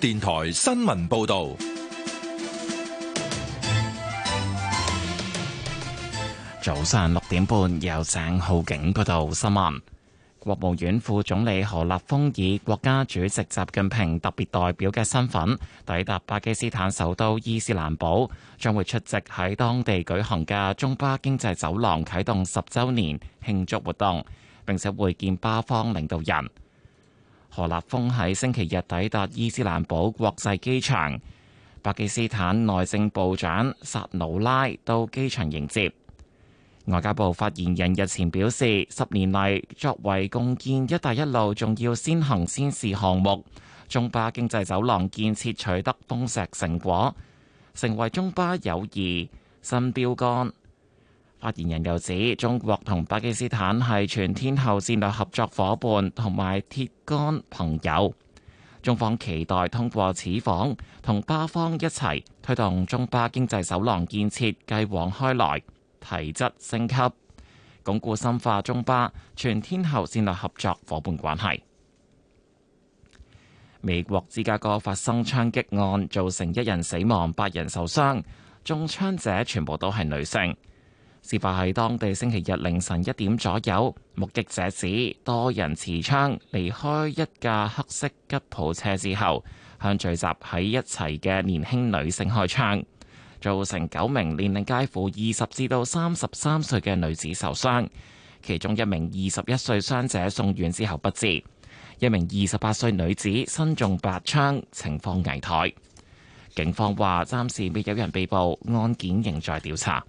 電台新聞報道，早上六點半，由鄭浩景報道新聞。國務院副總理何立峰以國家主席習近平特別代表嘅身份，抵達巴基斯坦首都伊斯蘭堡，將會出席喺當地舉行嘅中巴經濟走廊啟動十周年慶祝活動，並且會見巴方領導人。何立峰喺星期日抵達伊斯蘭堡國際機場，巴基斯坦內政部長薩努拉到機場迎接。外交部發言人日前表示，十年嚟作為共建“一帶一路”重要先行先試項目，中巴經濟走廊建設取得豐碩成果，成為中巴友誼新標杆。發言人又指，中國同巴基斯坦係全天候戰略合作夥伴，同埋鐵桿朋友。中方期待通過此訪，同巴方一齊推動中巴經濟走廊建設，繼往開來，提質升級，鞏固深化中巴全天候戰略合作夥伴關係。美國芝加哥發生槍擊案，造成一人死亡，八人受傷，中槍者全部都係女性。事發喺當地星期日凌晨一點左右，目擊者指多人持槍離開一架黑色吉普車之後，向聚集喺一齊嘅年輕女性開槍，造成九名年齡介乎二十至到三十三歲嘅女子受傷，其中一名二十一歲傷者送院之後不治，一名二十八歲女子身中八槍，情況危殆。警方話暫時未有人被捕，案件仍在調查。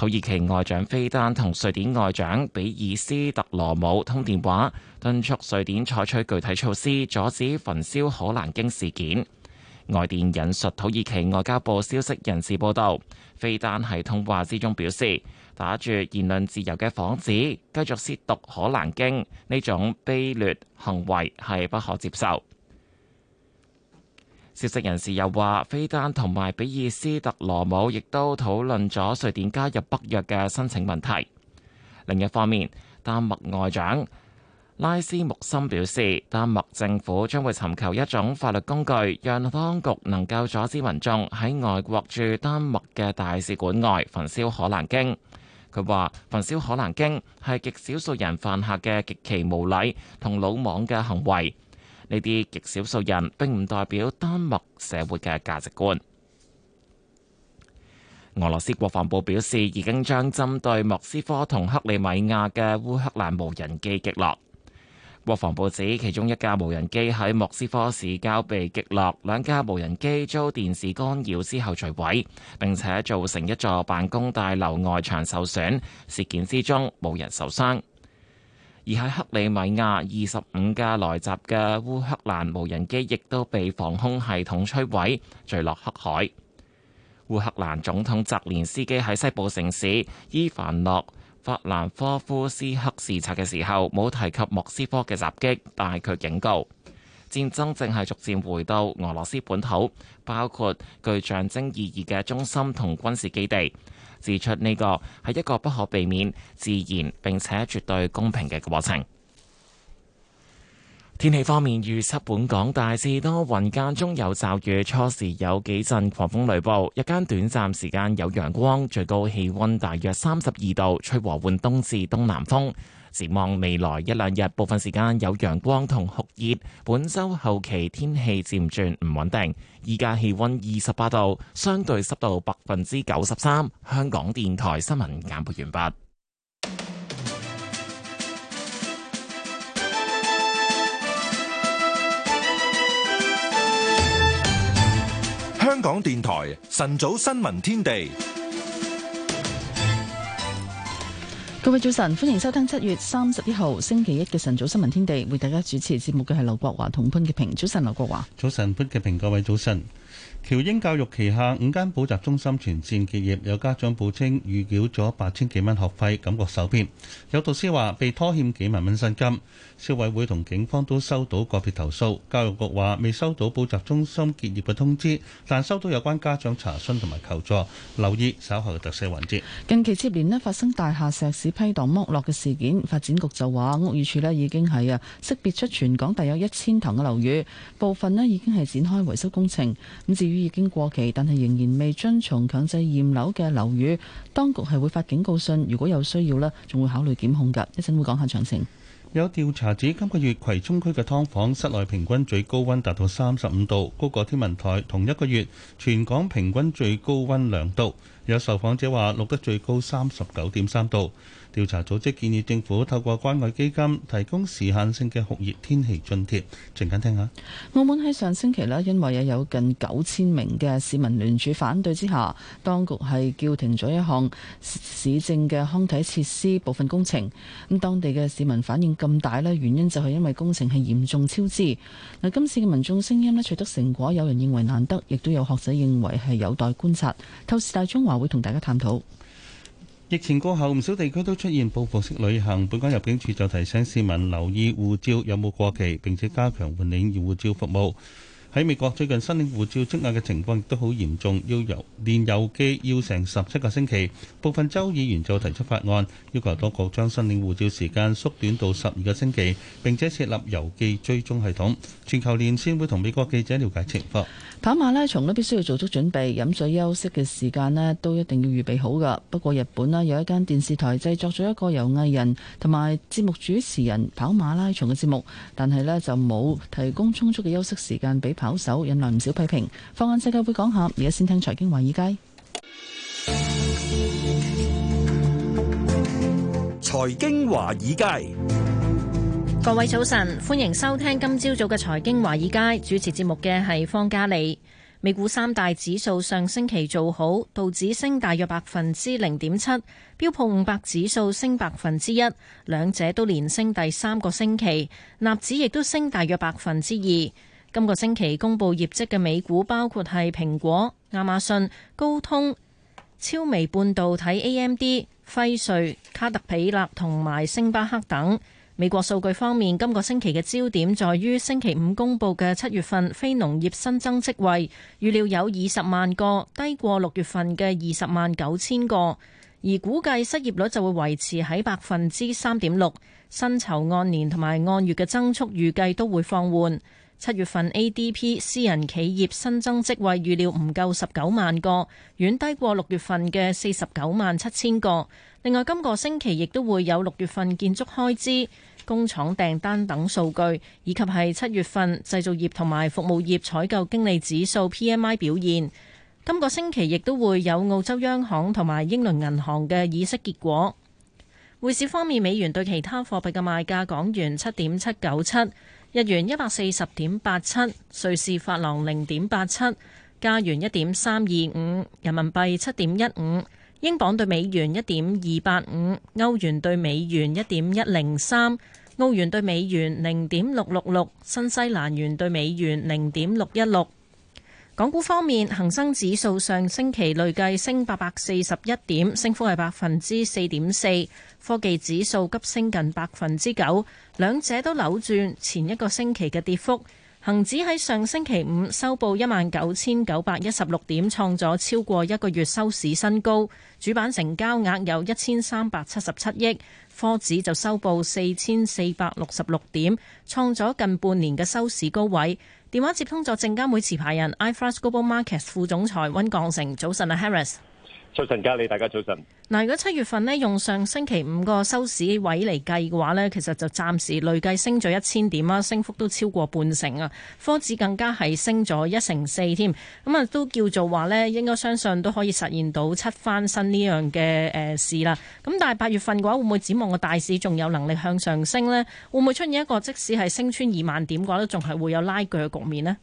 土耳其外長菲丹同瑞典外長比爾斯特羅姆通電話，敦促瑞典採取具體措施阻止焚燒可蘭經事件。外電引述土耳其外交部消息人士報道，菲丹喺通話之中表示，打住言論自由嘅幌子，繼續褻瀆可蘭經呢種卑劣行為係不可接受。消息人士又話，菲丹同埋比爾斯特羅姆亦都討論咗瑞典加入北約嘅申請問題。另一方面，丹麥外長拉斯穆森表示，丹麥政府將會尋求一種法律工具，讓當局能夠阻止民眾喺外國駐丹麥嘅大使館外焚燒可蘭經。佢話，焚燒可蘭經係極少數人犯下嘅極其無禮同魯莽嘅行為。呢啲極少數人並唔代表丹麥社會嘅價值觀。俄羅斯國防部表示，已經將針對莫斯科同克里米亞嘅烏克蘭無人機擊落。國防部指，其中一架無人機喺莫斯科市郊被擊落，兩架無人機遭電視干擾之後墜毀，並且造成一座辦公大樓外牆受損。事件之中冇人受傷。而喺克里米亞，二十五架來襲嘅烏克蘭無人機亦都被防空系統摧毀，墜落黑海。烏克蘭總統澤連斯基喺西部城市伊凡諾法蘭科夫斯克視察嘅時候，冇提及莫斯科嘅襲擊，但係佢警告戰爭正係逐漸回到俄羅斯本土，包括具象徵意義嘅中心同軍事基地。指出呢、這個係一個不可避免、自然並且絕對公平嘅過程。天氣方面，預測本港大致多雲間中有驟雨，初時有幾陣狂風雷暴，日間短暫時間有陽光，最高氣温大約三十二度，吹和緩東至東南風。展望未來一兩日，部分時間有陽光同酷熱。本週後期天氣漸轉唔穩定。依家氣温二十八度，相對濕度百分之九十三。香港電台新聞簡報完畢。香港電台晨早新聞天地。各位早晨，歡迎收聽七月三十一號星期一嘅晨早新聞天地，為大家主持節目嘅係劉國華同潘潔平。早晨，劉國華。早晨，潘潔平。各位早晨。喬英教育旗下五間補習中心全綫結業，有家長報稱預繳咗八千幾蚊學費，感覺受騙。有導師話被拖欠幾萬蚊薪金。消委會同警方都收到個別投訴。教育局話未收到補習中心結業嘅通知，但收到有關家長查詢同埋求助。留意稍後嘅特寫環節。近期接連咧發生大廈石屎批盪剝落嘅事件，發展局就話屋宇處咧已經係啊識別出全港大約一千幢嘅樓宇，部分咧已經係展開維修工程。咁至雨已經過期，但係仍然未遵從強制驗樓嘅樓宇，當局係會發警告信。如果有需要呢，仲會考慮檢控噶。講一陣會講下詳情。有調查指，今個月葵涌區嘅劏房室內平均最高温達到三十五度，高過天文台同一個月全港平均最高温兩度。有受訪者話錄得最高三十九點三度。調查組織建議政府透過關愛基金提供時限性嘅酷熱天氣津貼。陣間聽下。澳門喺上星期呢，因為也有近九千名嘅市民聯署反對之下，當局係叫停咗一項市政嘅康體設施部分工程。咁當地嘅市民反應咁大呢，原因就係因為工程係嚴重超支。嗱，今次嘅民眾聲音呢，取得成果，有人認為難得，亦都有學者認為係有待觀察。透視大中華會同大家探討。疫情過後，唔少地區都出現報復式旅行。本港入境處就提醒市民留意護照有冇過期，並且加強換領護照服務。喺美國，最近申領護照積壓嘅情況亦都好嚴重，要由連郵寄要成十七個星期。部分州議員就提出法案，要求多國將申領護照時間縮短到十二個星期，並且設立郵寄追蹤系統。全球連線會同美國記者了解情況。跑馬拉松咧，必須要做足準備，飲水休息嘅時間咧都一定要預備好㗎。不過日本咧有一間電視台製作咗一個由藝人同埋節目主持人跑馬拉松嘅節目，但係咧就冇提供充足嘅休息時間俾跑手，引來唔少批評。放眼世界會講下，而家先聽財經華爾街。財經華爾街。各位早晨，歡迎收聽今朝早嘅財經華爾街主持節目嘅係方嘉利。美股三大指數上星期做好，道指升大約百分之零點七，標普五百指數升百分之一，兩者都連升第三個星期，納指亦都升大約百分之二。今個星期公布業績嘅美股包括係蘋果、亞馬遜、高通、超微半導體 （AMD）、輝瑞、卡特彼勒同埋星巴克等。美國數據方面，今個星期嘅焦點在於星期五公佈嘅七月份非農業新增職位，預料有二十萬個，低過六月份嘅二十萬九千個，而估計失業率就會維持喺百分之三點六，薪酬按年同埋按月嘅增速預計都會放緩。七月份 ADP 私人企業新增職位預料唔夠十九萬個，遠低過六月份嘅四十九萬七千個。另外，今個星期亦都會有六月份建築開支。工廠訂單等數據，以及係七月份製造業同埋服務業採購經理指數 PMI 表現。今個星期亦都會有澳洲央行同埋英倫銀行嘅議息結果。匯市方面，美元對其他貨幣嘅賣價：港元七點七九七，日元一百四十點八七，瑞士法郎零點八七，加元一點三二五，人民幣七點一五，英鎊對美元一點二八五，歐元對美元一點一零三。澳元兌美元零點六六六，新西蘭元兌美元零點六一六。港股方面，恒生指數上星期累計升八百四十一點，升幅係百分之四點四。科技指數急升近百分之九，兩者都扭轉前一個星期嘅跌幅。恒指喺上星期五收報一萬九千九百一十六點，創咗超過一個月收市新高。主板成交額有一千三百七十七億。科指就收報四千四百六十六點，創咗近半年嘅收市高位。電話接通咗證監會持牌人 iFAST Global Markets 副總裁溫鋼成，早晨啊，Harris。早晨，嘉莉，大家早晨。嗱，如果七月份咧用上星期五個收市位嚟計嘅話呢，其實就暫時累計升咗一千點啦，升幅都超過半成啊。科指更加係升咗一成四添，咁啊都叫做話呢應該相信都可以實現到七翻身呢樣嘅誒事啦。咁但係八月份嘅話，會唔會指望個大市仲有能力向上升呢？會唔會出現一個即使係升穿二萬點嘅話咧，仲係會有拉鋸嘅局面呢？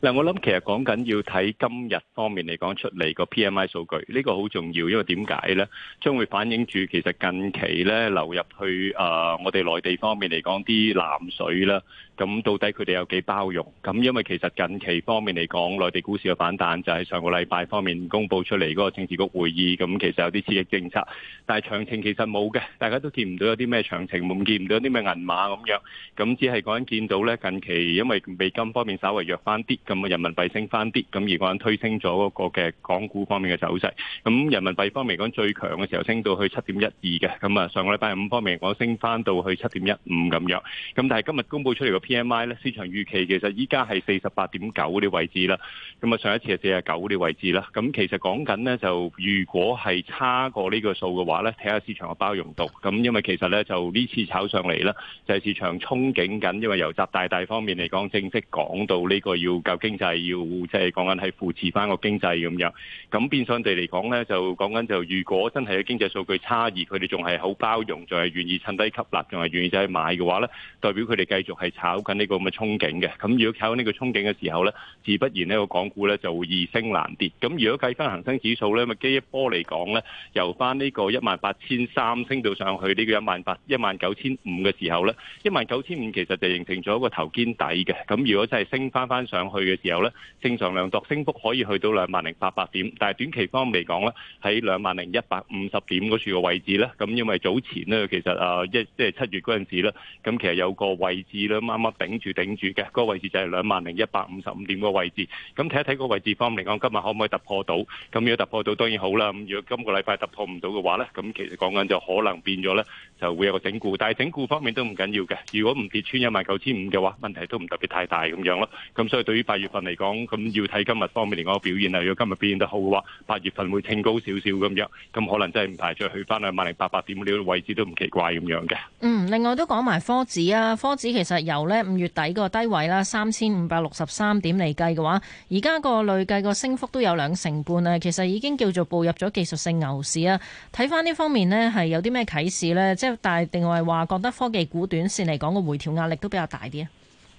嗱，我諗其實講緊要睇今日方面嚟講出嚟個 PMI 數據，呢個好重要，因為點解呢？將會反映住其實近期呢流入去啊，我哋內地方面嚟講啲南水啦。咁到底佢哋有幾包容？咁因為其實近期方面嚟講，內地股市嘅反彈就喺上個禮拜方面公布出嚟嗰個政治局會議，咁其實有啲刺激政策。但係詳情其實冇嘅，大家都見唔到有啲咩詳情，冇見唔到有啲咩銀碼咁樣。咁只係講緊見到咧，近期因為美金方面稍微弱翻啲，咁啊人民幣升翻啲，咁而講緊推升咗嗰個嘅港股方面嘅走勢。咁人民幣方面講最強嘅時候升到去七點一二嘅，咁啊上個禮拜五方面講升翻到去七點一五咁樣。咁但係今日公布出嚟個。P.M.I 咧，市場預期其實依家係四十八點九嗰啲位置啦。咁啊，上一次係四十九嗰啲位置啦。咁其實講緊咧，就如果係差過呢個數嘅話咧，睇下市場嘅包容度。咁因為其實咧，就呢次炒上嚟咧，就係市場憧憬緊，因為由習大大方面嚟講，正式講到呢個要救經濟，要即係講緊係扶持翻個經濟咁樣。咁變相地嚟講咧，就講緊就如果真係嘅經濟數據差異，佢哋仲係好包容，仲係願意趁低吸納，仲係願意就去買嘅話咧，代表佢哋繼續係炒。好緊呢個咁嘅憧憬嘅，咁如果靠呢個憧憬嘅時候呢，自不然呢個港股呢就會易升難跌。咁如果計翻恒生指數呢，咪基一波嚟講呢，由翻呢個一萬八千三升到上去呢個一萬八一萬九千五嘅時候呢，一萬九千五其實就形成咗一個頭肩底嘅。咁如果真係升翻翻上去嘅時候呢，正常量度升幅可以去到兩萬零八百點，但係短期方面嚟講呢，喺兩萬零一百五十點嗰處嘅位置呢，咁因為早前呢，其實啊一即係七月嗰陣時呢，咁其實有個位置咧啱啱，剛剛頂住頂住嘅，個位置就係兩萬零一百五十五點個位置。咁睇一睇個位置方面嚟講，今日可唔可以突破到？咁如果突破到，當然好啦。咁如果今個禮拜突破唔到嘅話咧，咁其實講緊就可能變咗咧，就會有個整固。但係整固方面都唔緊要嘅。如果唔跌穿一萬九千五嘅話，問題都唔特別太大咁樣咯。咁所以對於八月份嚟講，咁要睇今日方面嚟講個表現啦。如果今日表現得好嘅話，八月份會升高少少咁樣，咁可能真係唔排除再去翻兩萬零八百點呢個位置都唔奇怪咁樣嘅。嗯，另外都講埋科指啊，科指其實有。咧五月底個低位啦，三千五百六十三點嚟計嘅話，而家個累計個升幅都有兩成半啊，其實已經叫做步入咗技術性牛市啊。睇翻呢方面呢，係有啲咩啟示呢？即係但係，定係話覺得科技股短線嚟講個回調壓力都比較大啲啊。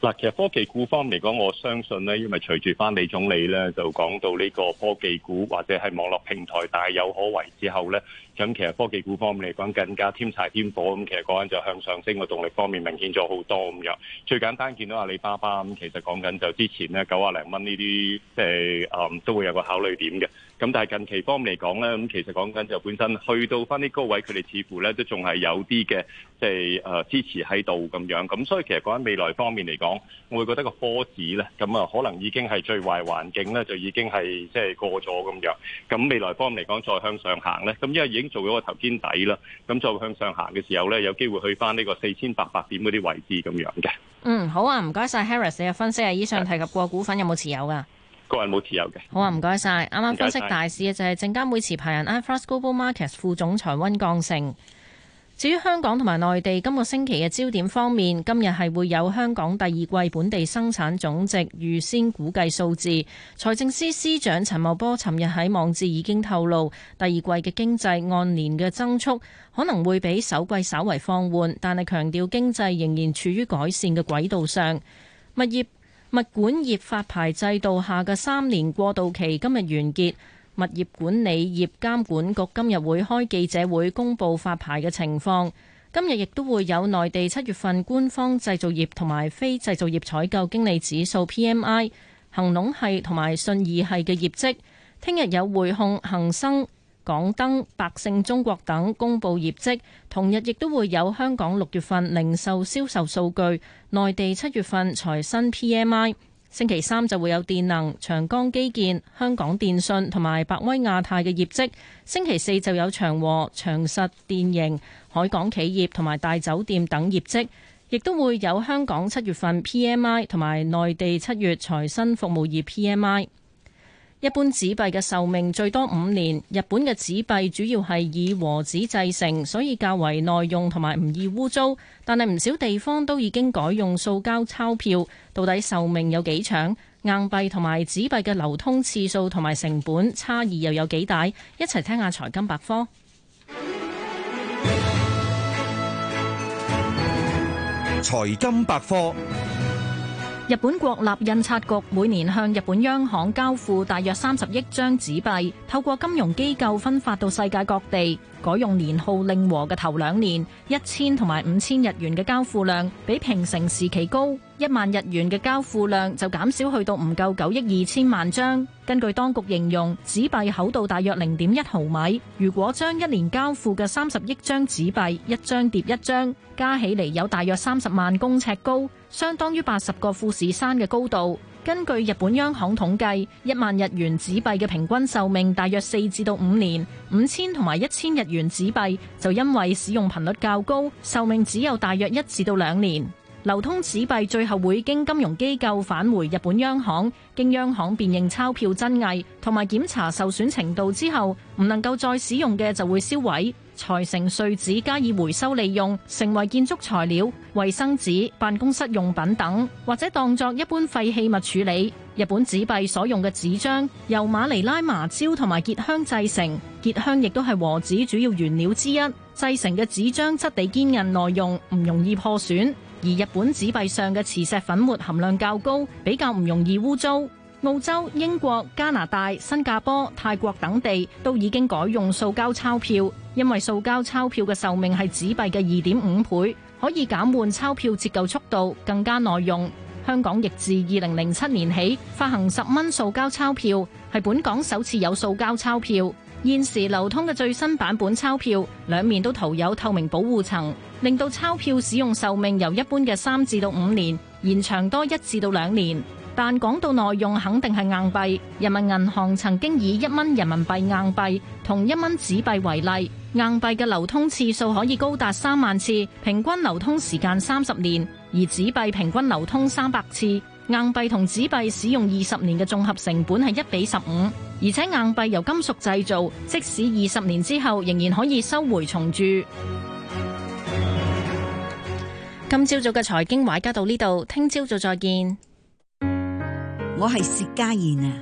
嗱，其實科技股方面嚟講，我相信呢，因為隨住翻李總理呢，就講到呢個科技股或者係網絡平台大有可為之後呢。咁其實科技股方面嚟講，更加添柴添火咁，其實嗰陣就向上升嘅動力方面明顯咗好多咁樣。最簡單見到阿里巴巴咁，其實講緊就之前咧九啊零蚊呢啲，即係誒都會有個考慮點嘅。咁但係近期方面嚟講咧，咁其實講緊就本身去到翻啲高位，佢哋似乎咧都仲係有啲嘅，即係誒支持喺度咁樣。咁所以其實講緊未來方面嚟講，我會覺得個科指咧，咁啊可能已經係最壞環境咧，就已經係即係過咗咁樣。咁未來方面嚟講，再向上行咧，咁因為已經。做咗個頭肩底啦，咁再向上行嘅時候咧，有機會去翻呢個四千八百點嗰啲位置咁樣嘅。嗯，好啊，唔該晒，Harris 你嘅分析啊，以上提及過股份有冇持有噶？個人冇持有嘅。好啊，唔該晒。啱啱分析大市嘅謝就係證監會持牌人 iFAST Global Markets 副總裁溫鋼城。至於香港同埋內地今個星期嘅焦點方面，今日係會有香港第二季本地生產總值預先估計數字。財政司司長陳茂波尋日喺網誌已經透露，第二季嘅經濟按年嘅增速可能會比首季稍為放緩，但係強調經濟仍然處於改善嘅軌道上。物業物管業發牌制度下嘅三年過渡期今日完結。物業管理業監管局今日會開記者會公布發牌嘅情況。今日亦都會有內地七月份官方製造業同埋非製造業採購經理指數 PMI、恒隆系同埋信義系嘅業績。聽日有匯控、恒生、港燈、百勝中國等公布業績。同日亦都會有香港六月份零售銷售數據、內地七月份財新 PMI。星期三就會有電能、長江基建、香港電訊同埋百威亞太嘅業績。星期四就有長和、長實、電盈、海港企業同埋大酒店等業績，亦都會有香港七月份 PMI 同埋內地七月財新服務業 PMI。一般紙幣嘅壽命最多五年。日本嘅紙幣主要係以和紙製成，所以較為耐用同埋唔易污糟。但係唔少地方都已經改用塑膠鈔票。到底壽命有幾長？硬幣同埋紙幣嘅流通次數同埋成本差異又有幾大？一齊聽下財金百科。財金百科。日本國立印刷局每年向日本央行交付大約三十億張紙幣，透過金融機構分發到世界各地。改用年號令和嘅頭兩年，一千同埋五千日元嘅交付量比平成時期高。一萬日元嘅交付量就減少去到唔夠九億二千萬張。根據當局形容，紙幣厚度大約零點一毫米。如果將一年交付嘅三十億張紙幣一張疊一張，加起嚟有大約三十萬公尺高，相當於八十個富士山嘅高度。根據日本央行統計，一萬日元紙幣嘅平均壽命大約四至到五年。五千同埋一千日元紙幣就因為使用頻率較高，壽命只有大約一至到兩年。流通紙幣最後會經金融機構返回日本央行，經央行辨認鈔票真偽同埋檢查受損程度之後，唔能夠再使用嘅就會燒毀，裁成碎紙加以回收利用，成為建築材料、衛生紙、辦公室用品等，或者當作一般廢棄物處理。日本紙幣所用嘅紙張由馬尼拉麻蕉同埋結香製成，結香亦都係和紙主要原料之一，製成嘅紙張質地堅韌耐用，唔容易破損。而日本紙幣上嘅磁石粉末含量較高，比較唔容易污糟。澳洲、英國、加拿大、新加坡、泰國等地都已經改用塑膠鈔票，因為塑膠鈔票嘅壽命係紙幣嘅二點五倍，可以減緩鈔票折舊速度，更加耐用。香港亦自二零零七年起發行十蚊塑膠鈔票，係本港首次有塑膠鈔票。現時流通嘅最新版本鈔票，兩面都塗有透明保護層。令到鈔票使用壽命由一般嘅三至到五年延長多一至到兩年，但講到耐用肯定係硬幣。人民銀行曾經以一蚊人民幣硬幣同一蚊紙幣為例，硬幣嘅流通次數可以高達三萬次，平均流通時間三十年，而紙幣平均流通三百次。硬幣同紙幣使用二十年嘅綜合成本係一比十五，而且硬幣由金屬製造，即使二十年之後仍然可以收回重鑄。今朝早嘅財經畫家到呢度，聽朝早再見。我係薛家燕啊，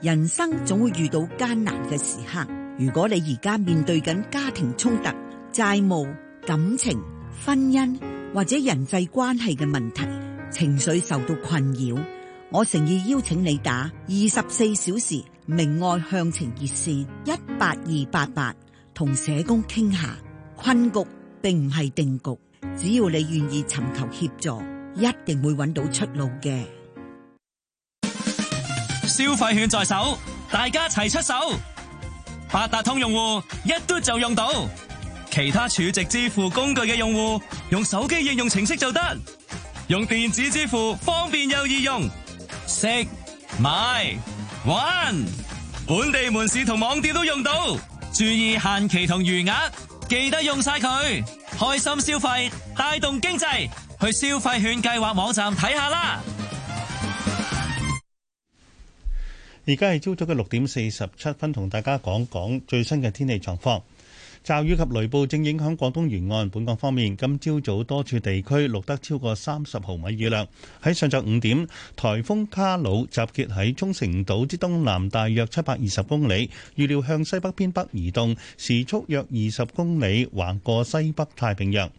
人生總會遇到艱難嘅時刻，如果你而家面對緊家庭衝突、債務、感情、婚姻或者人際關係嘅問題，情緒受到困擾，我誠意邀請你打24小時明愛向晴熱線一八二八八，同社工傾下。困局並唔係定局。只要你願意尋求協助,一定會揾到出路嘅。消費券在手,大家齊出手。八達通用戶,一嘟就用到。其他儲值支付工具嘅用戶,用手機應用程式就得。用電子支付方便又易用。食,買,玩。本地門市同網店都用到。注意限期同餘額,記得用晒佢。開心消費，帶動經濟，去消費券計劃網站睇下啦！而家係朝早嘅六點四十七分，同大家講講最新嘅天氣狀況。驟雨及雷暴正影響廣東沿岸。本港方面，今朝早早多處地區錄得超過三十毫米雨量。喺上晝五點，台風卡努集結喺沖繩島之東南，大約七百二十公里，預料向西北偏北移動，時速約二十公里，橫過西北太平洋。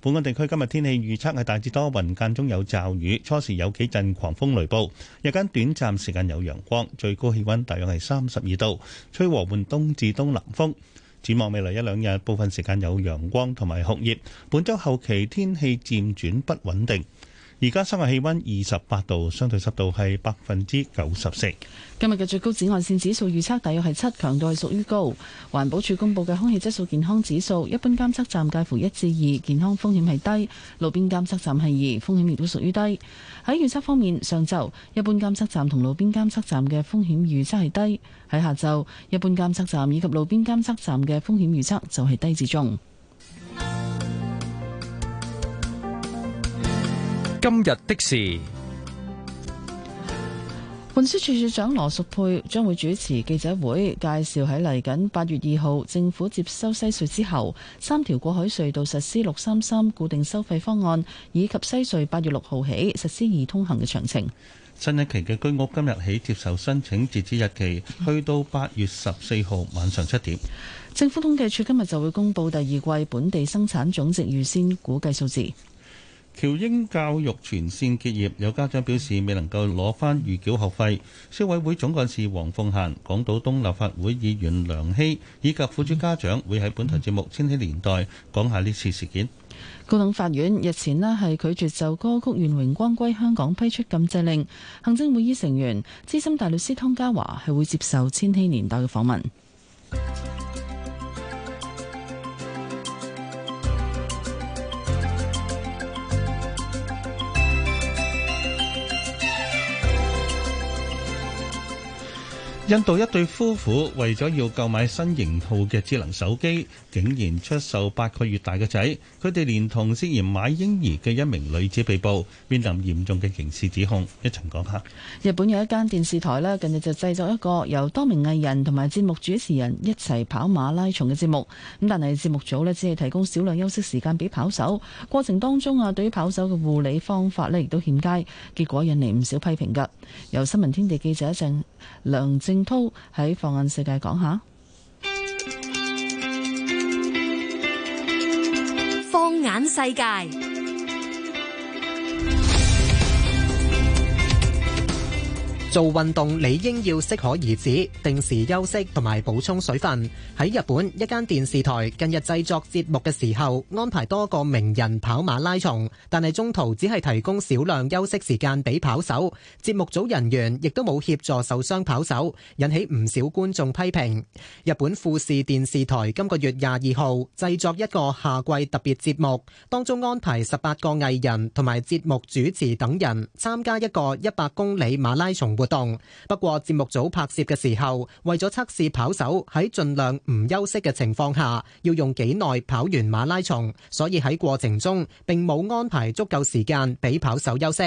本港地區今日天氣預測係大致多雲，間中有驟雨，初時有幾陣狂風雷暴，日間短暫時間有陽光，最高氣温大約係三十二度，吹和緩東至東南風。展望未來一兩日，部分時間有陽光同埋酷熱。本週後期天氣漸轉不穩定。而家室外氣溫二十八度，相對濕度係百分之九十四。今日嘅最高紫外線指數預測大約係七，強度係屬於高。環保署公佈嘅空氣質素健康指數，一般監測站介乎一至二，健康風險係低；路邊監測站係二，風險亦都屬於低。喺預測方面，上晝一般監測站同路邊監測站嘅風險預測係低；喺下晝，一般監測站以及路邊監測站嘅風險預測就係低至中。今日的事，運輸署署長羅淑佩將會主持記者會，介紹喺嚟緊八月二號政府接收西隧之後，三條過海隧道實施六三三固定收費方案，以及西隧八月六號起實施易通行嘅詳情。新一期嘅居屋今日起接受申請，截止日期去到八月十四號晚上七點。嗯、政府統計處今日就會公布第二季本地生產總值預先估計數字。橋英教育全線結業，有家長表示未能夠攞返預繳學費。消委會總幹事黃鳳嫻、港島東立法會議員梁希以及苦主家長會喺本台節目《千禧年代》講下呢次事件。高等法院日前呢係拒絕就歌曲《願榮光歸香港》批出禁制令。行政會議成員資深大律師湯家驊係會接受《千禧年代》嘅訪問。.印度一對夫婦為咗要購買新型號嘅智能手機，竟然出售八個月大嘅仔，佢哋連同涉嫌買嬰兒嘅一名女子被捕，面臨嚴重嘅刑事指控。一齊講下，日本有一間電視台咧，近日就製作一個由多名藝人同埋節目主持人一齊跑馬拉松嘅節目，咁但係節目組咧只係提供少量休息時間俾跑手，過程當中啊對於跑手嘅護理方法咧亦都欠佳，結果引嚟唔少批評噶，由新聞天地記者鄭梁正。濤喺放眼世界講下，放眼世界。做運動理應要適可而止，定時休息同埋補充水分。喺日本一間電視台近日製作節目嘅時候，安排多個名人跑馬拉松，但係中途只係提供少量休息時間俾跑手，節目組人員亦都冇協助受傷跑手，引起唔少觀眾批評。日本富士電視台今個月廿二號製作一個夏季特別節目，當中安排十八個藝人同埋節目主持等人參加一個一百公里馬拉松。活動。不過，節目組拍攝嘅時候，為咗測試跑手喺盡量唔休息嘅情況下，要用幾耐跑完馬拉松，所以喺過程中並冇安排足夠時間俾跑手休息。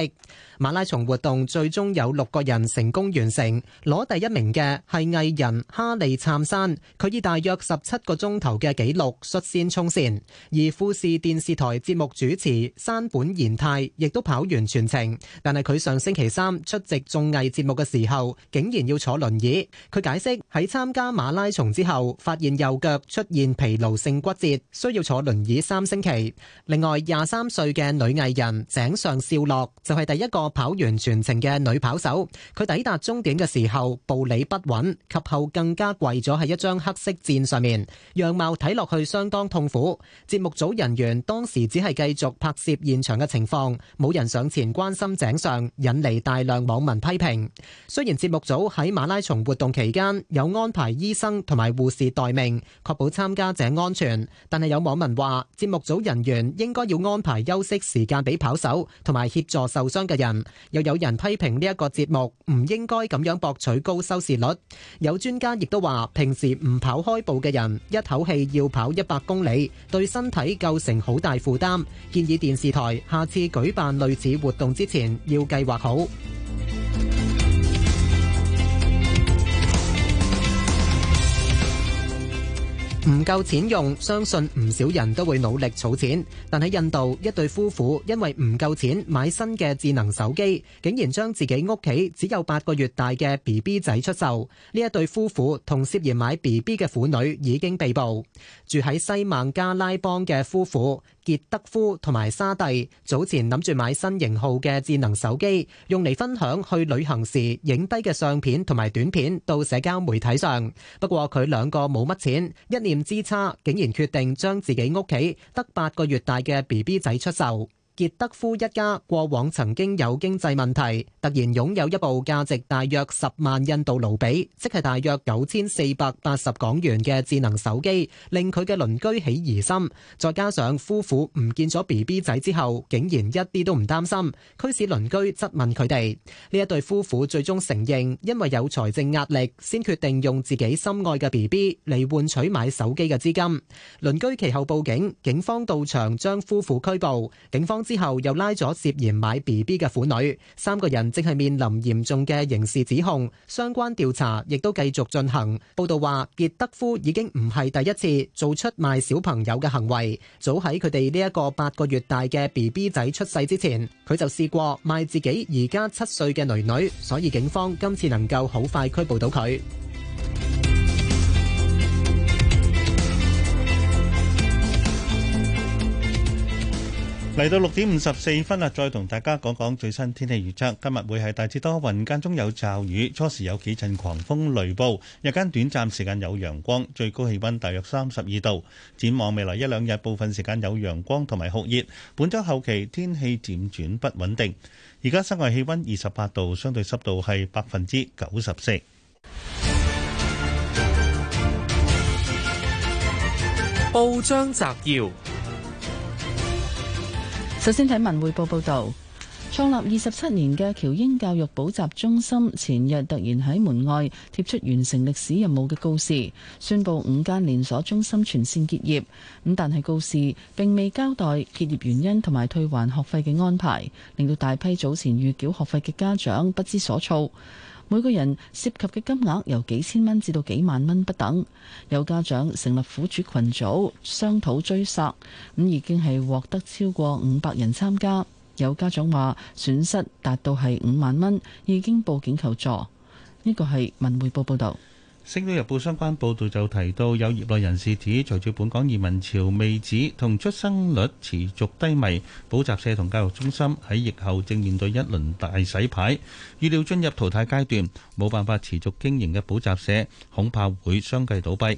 馬拉松活動最終有六個人成功完成，攞第一名嘅係藝人哈利杉山，佢以大約十七個鐘頭嘅紀錄率先衝線。而富士電視台節目主持山本賢太亦都跑完全程，但係佢上星期三出席綜藝節節目嘅時候竟然要坐輪椅。佢解釋喺參加馬拉松之後，發現右腳出現疲勞性骨折，需要坐輪椅三星期。另外，廿三歲嘅女藝人井上笑樂就係第一個跑完全程嘅女跑手。佢抵達終點嘅時候步履不穩，及後更加跪咗喺一張黑色墊上面，樣貌睇落去相當痛苦。節目組人員當時只係繼續拍攝現場嘅情況，冇人上前關心井上，引嚟大量網民批評。雖然節目組喺馬拉松活動期間有安排醫生同埋護士待命，確保參加者安全，但係有網民話節目組人員應該要安排休息時間俾跑手同埋協助受傷嘅人。又有人批評呢一個節目唔應該咁樣博取高收視率。有專家亦都話，平時唔跑開步嘅人一口氣要跑一百公里，對身體構成好大負擔，建議電視台下次舉辦類似活動之前要計劃好。唔夠錢用，相信唔少人都會努力儲錢。但喺印度，一對夫婦因為唔夠錢買新嘅智能手機，竟然將自己屋企只有八個月大嘅 BB 仔出售。呢一對夫婦同涉嫌買 BB 嘅婦女已經被捕。住喺西孟加拉邦嘅夫婦。傑德夫同埋沙蒂早前諗住買新型號嘅智能手機，用嚟分享去旅行時影低嘅相片同埋短片到社交媒體上。不過佢兩個冇乜錢，一念之差，竟然決定將自己屋企得八個月大嘅 BB 仔出售。杰德夫一家過往曾經有經濟問題，突然擁有一部價值大約十萬印度盧比，即係大約九千四百八十港元嘅智能手機，令佢嘅鄰居起疑心。再加上夫婦唔見咗 BB 仔之後，竟然一啲都唔擔心，驅使鄰居質問佢哋。呢一對夫婦最終承認，因為有財政壓力，先決定用自己心愛嘅 BB 嚟換取買手機嘅資金。鄰居其後報警，警方到場將夫婦拘捕。警方。之後又拉咗涉嫌買 B B 嘅婦女，三個人正係面臨嚴重嘅刑事指控，相關調查亦都繼續進行。報道話，傑德夫已經唔係第一次做出賣小朋友嘅行為，早喺佢哋呢一個八個月大嘅 B B 仔出世之前，佢就試過賣自己而家七歲嘅囡囡，所以警方今次能夠好快拘捕到佢。嚟到六點五十四分啦，再同大家講講最新天氣預測。今日會係大致多雲，間中有驟雨，初時有幾陣狂風雷暴，日間短暫時間有陽光，最高氣溫大約三十二度。展望未來一兩日，部分時間有陽光同埋酷熱。本周後期天氣漸轉不穩定。而家室外氣溫二十八度，相對濕度係百分之九十四。報章摘要。首先睇文匯報報道，創立二十七年嘅喬英教育補習中心前日突然喺門外貼出完成歷史任務嘅告示，宣佈五間連鎖中心全線結業。咁但係告示並未交代結業原因同埋退還學費嘅安排，令到大批早前預繳學費嘅家長不知所措。每個人涉及嘅金額由幾千蚊至到幾萬蚊不等，有家長成立苦主群組商討追殺，咁已經係獲得超過五百人參加。有家長話損失達到係五萬蚊，已經報警求助。呢個係文匯報報道。星島日報相關報導就提到，有業內人士指，隨住本港移民潮未止，同出生率持續低迷，補習社同教育中心喺疫後正面對一輪大洗牌，預料進入淘汰階段，冇辦法持續經營嘅補習社恐怕會相繼倒閉。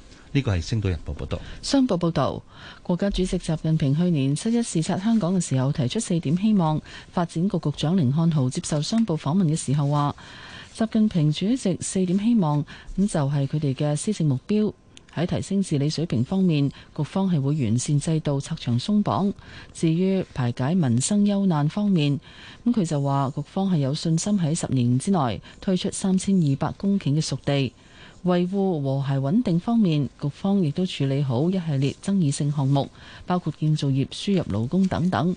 呢個係《星島日報》報導，商報報導，國家主席習近平去年七一視察香港嘅時候提出四點希望。發展局局長甯漢豪接受商報訪問嘅時候話：習近平主席四點希望咁就係佢哋嘅施政目標。喺提升治理水平方面，局方係會完善制度、拆牆鬆綁。至於排解民生憂難方面，咁佢就話局方係有信心喺十年之內推出三千二百公頃嘅熟地。維護和諧穩定方面，局方亦都處理好一系列爭議性項目，包括建造業輸入勞工等等。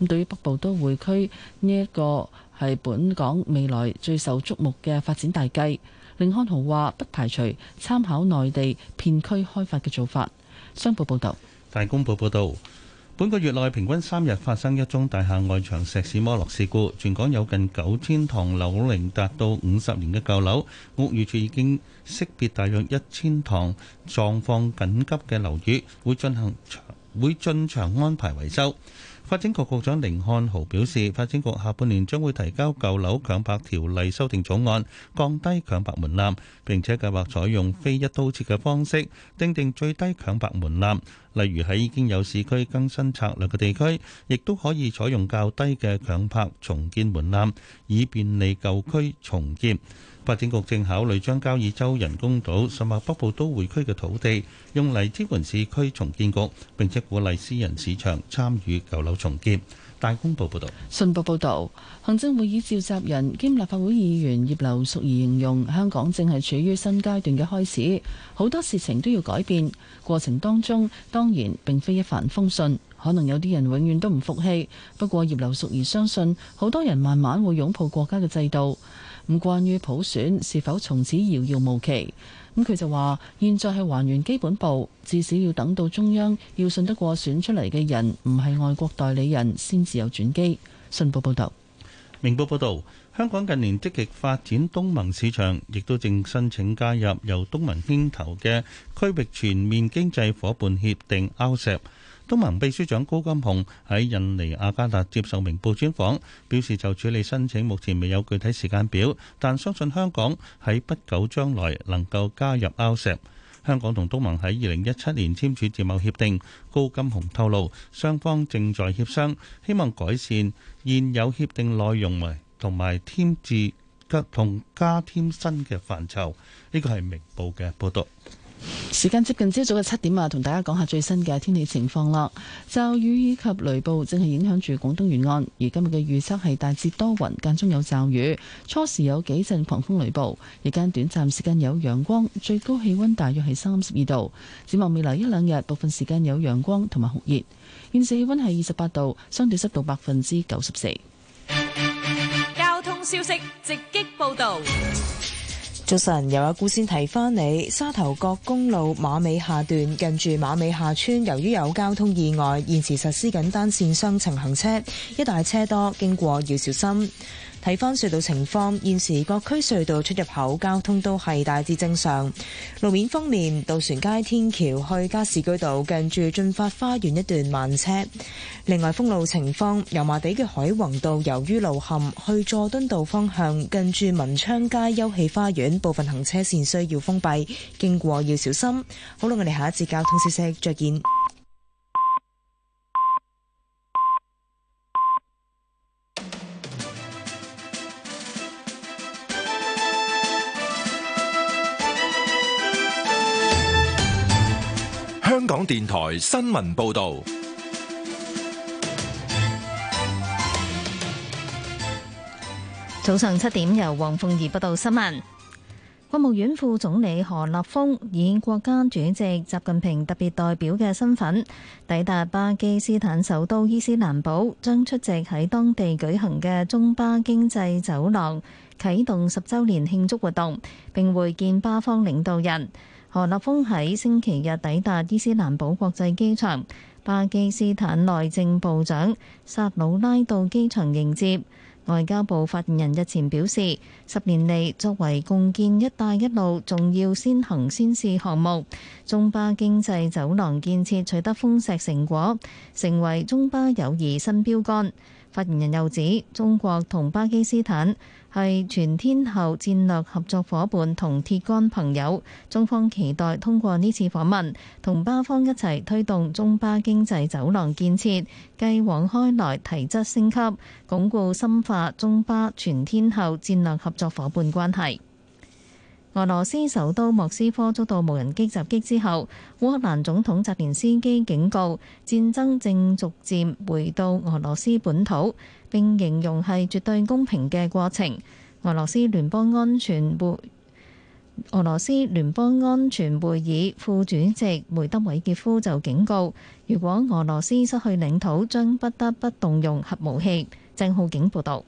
咁對於北部都會區呢一個係本港未來最受觸目嘅發展大計，寧漢豪話不排除參考內地片區開發嘅做法。商報報道。大公報報道。本個月內，平均三日發生一宗大廈外牆石屎摩落事故，全港有近九千幢樓齡達到五十年嘅舊樓，屋宇署已經識別大約一千幢狀況緊急嘅樓宇，會進行長會進場安排維修。發展局局長甯漢豪表示，發展局下半年將會提交舊樓強拍條例修訂草案，降低強拍門檻，並且計劃採用非一刀切嘅方式訂定最低強拍門檻。例如喺已經有市區更新策略嘅地區，亦都可以採用較低嘅強拍重建門檻，以便利舊區重建。發展局正考慮將交椅洲人工島、甚至北部都會區嘅土地用嚟支援市區重建局，並且鼓勵私人市場參與舊樓重建。大公報報道。信報報道，行政會議召集人兼立法會議員葉劉淑儀形容，香港正係處於新階段嘅開始，好多事情都要改變，過程當中當然並非一帆風順，可能有啲人永遠都唔服氣。不過葉劉淑儀相信，好多人慢慢會擁抱國家嘅制度。唔關於普選是否從此遙遙無期？咁佢就話：現在係還原基本步，至少要等到中央要信得過選出嚟嘅人，唔係外國代理人先至有轉機。信報報導，明報報道：香港近年積極發展東盟市場，亦都正申請加入由東盟牽頭嘅區域全面經濟夥伴協定 RCEP。東盟秘書長高金洪喺印尼雅加達接受明報專訪，表示就處理申請，目前未有具體時間表，但相信香港喺不久將來能夠加入 RCEP。香港同東盟喺二零一七年簽署自貿協定，高金洪透露，雙方正在協商，希望改善現有協定內容，同埋添置同加添新嘅範疇。呢個係明報嘅報道。時間接近朝早嘅七點啊，同大家講下最新嘅天氣情況啦。驟雨以及雷暴正係影響住廣東沿岸，而今日嘅預測係大致多雲，間中有驟雨，初時有幾陣狂風雷暴，日間短暫時間有陽光，最高氣溫大約係三十二度。展望未來一兩日，部分時間有陽光同埋酷熱。現時氣溫係二十八度，相對濕度百分之九十四。交通消息直擊報道。早晨，又有故先提翻你，沙頭角公路馬尾下段近住馬尾下村，由於有交通意外，現時實施緊單線雙程行車，一帶車多，經過要小心。睇翻隧道情況，現時各區隧道出入口交通都係大致正常。路面方面，渡船街天橋去加士居道近住駿發花園一段慢車。另外，封路情況，油麻地嘅海泓道由於路陷去佐敦道方向近住文昌街休憩花園部分行車線需要封閉，經過要小心。好啦，我哋下一節交通消息再見。香港電台新聞報道，早上七點，由黃鳳儀報道新聞。國務院副總理何立峰以國家主席習近平特別代表嘅身份，抵達巴基斯坦首都伊斯蘭堡，將出席喺當地舉行嘅中巴經濟走廊啟動十週年慶祝活動，並會見巴方領導人。何立峰喺星期日抵達伊斯蘭堡國際機場，巴基斯坦內政部長薩魯拉到機場迎接。外交部發言人日前表示，十年嚟作為共建「一帶一路」重要先行先試項目，中巴經濟走廊建設取得豐碩成果，成為中巴友誼新標杆。發言人又指，中國同巴基斯坦係全天候戰略合作夥伴同鐵桿朋友，中方期待通過呢次訪問，同巴方一齊推動中巴經濟走廊建設，繼往開來提質升級，鞏固深化中巴全天候戰略合作夥伴關係。俄羅斯首都莫斯科遭到無人機襲擊之後，烏克蘭總統澤連斯基警告，戰爭正逐漸回到俄羅斯本土，並形容係絕對公平嘅過程。俄羅斯聯邦安全會、俄羅斯聯邦安全會議副主席梅德韋傑夫就警告，如果俄羅斯失去領土，將不得不動用核武器。鄭浩景報導。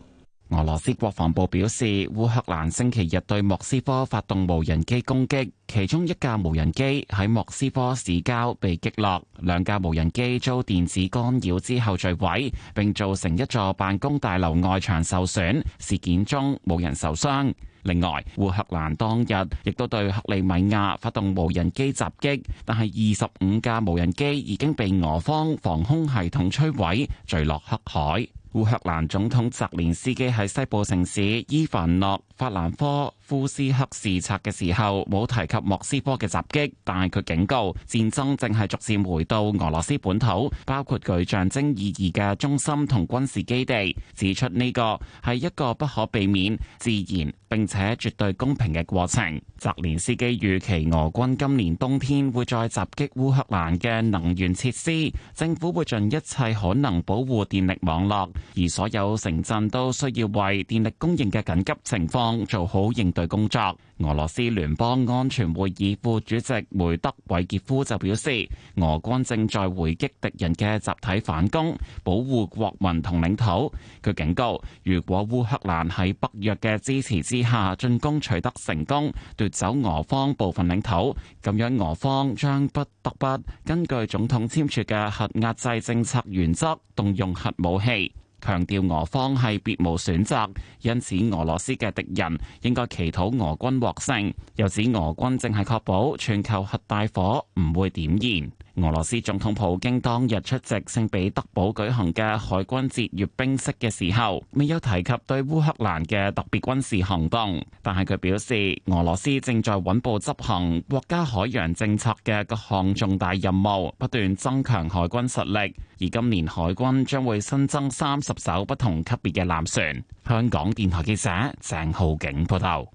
俄羅斯國防部表示，烏克蘭星期日對莫斯科發動無人機攻擊，其中一架無人機喺莫斯科市郊被擊落，兩架無人機遭電子干擾之後墜毀，並造成一座辦公大樓外牆受損。事件中冇人受傷。另外，烏克蘭當日亦都對克里米亞發動無人機襲擊，但係二十五架無人機已經被俄方防空系統摧毀，墜落黑海。烏克蘭總統澤連斯基喺西部城市伊凡諾法蘭科。夫斯克視察嘅時候冇提及莫斯科嘅襲擊，但係佢警告戰爭正係逐漸回到俄羅斯本土，包括具象徵意義嘅中心同軍事基地，指出呢個係一個不可避免、自然並且絕對公平嘅過程。澤連斯基預期俄軍今年冬天會再襲擊烏克蘭嘅能源設施，政府會盡一切可能保護電力網絡，而所有城鎮都需要為電力供應嘅緊急情況做好應對工作，俄羅斯聯邦安全會議副主席梅德韋傑夫就表示，俄軍正在回擊敵人嘅集體反攻，保護國民同領土。佢警告，如果烏克蘭喺北約嘅支持之下進攻取得成功，奪走俄方部分領土，咁樣俄方將不得不根據總統簽署嘅核壓制政策原則，動用核武器。強調俄方係別無選擇，因此俄羅斯嘅敵人應該祈禱俄軍獲勝。又指俄軍正係確保全球核大火唔會點燃。俄羅斯總統普京當日出席聖彼得堡舉行嘅海軍節閱兵式嘅時候，未有提及對烏克蘭嘅特別軍事行動，但係佢表示俄羅斯正在穩步執行國家海洋政策嘅各項重大任務，不斷增強海軍實力，而今年海軍將會新增三十艘不同級別嘅艦船。香港電台記者鄭浩景報道。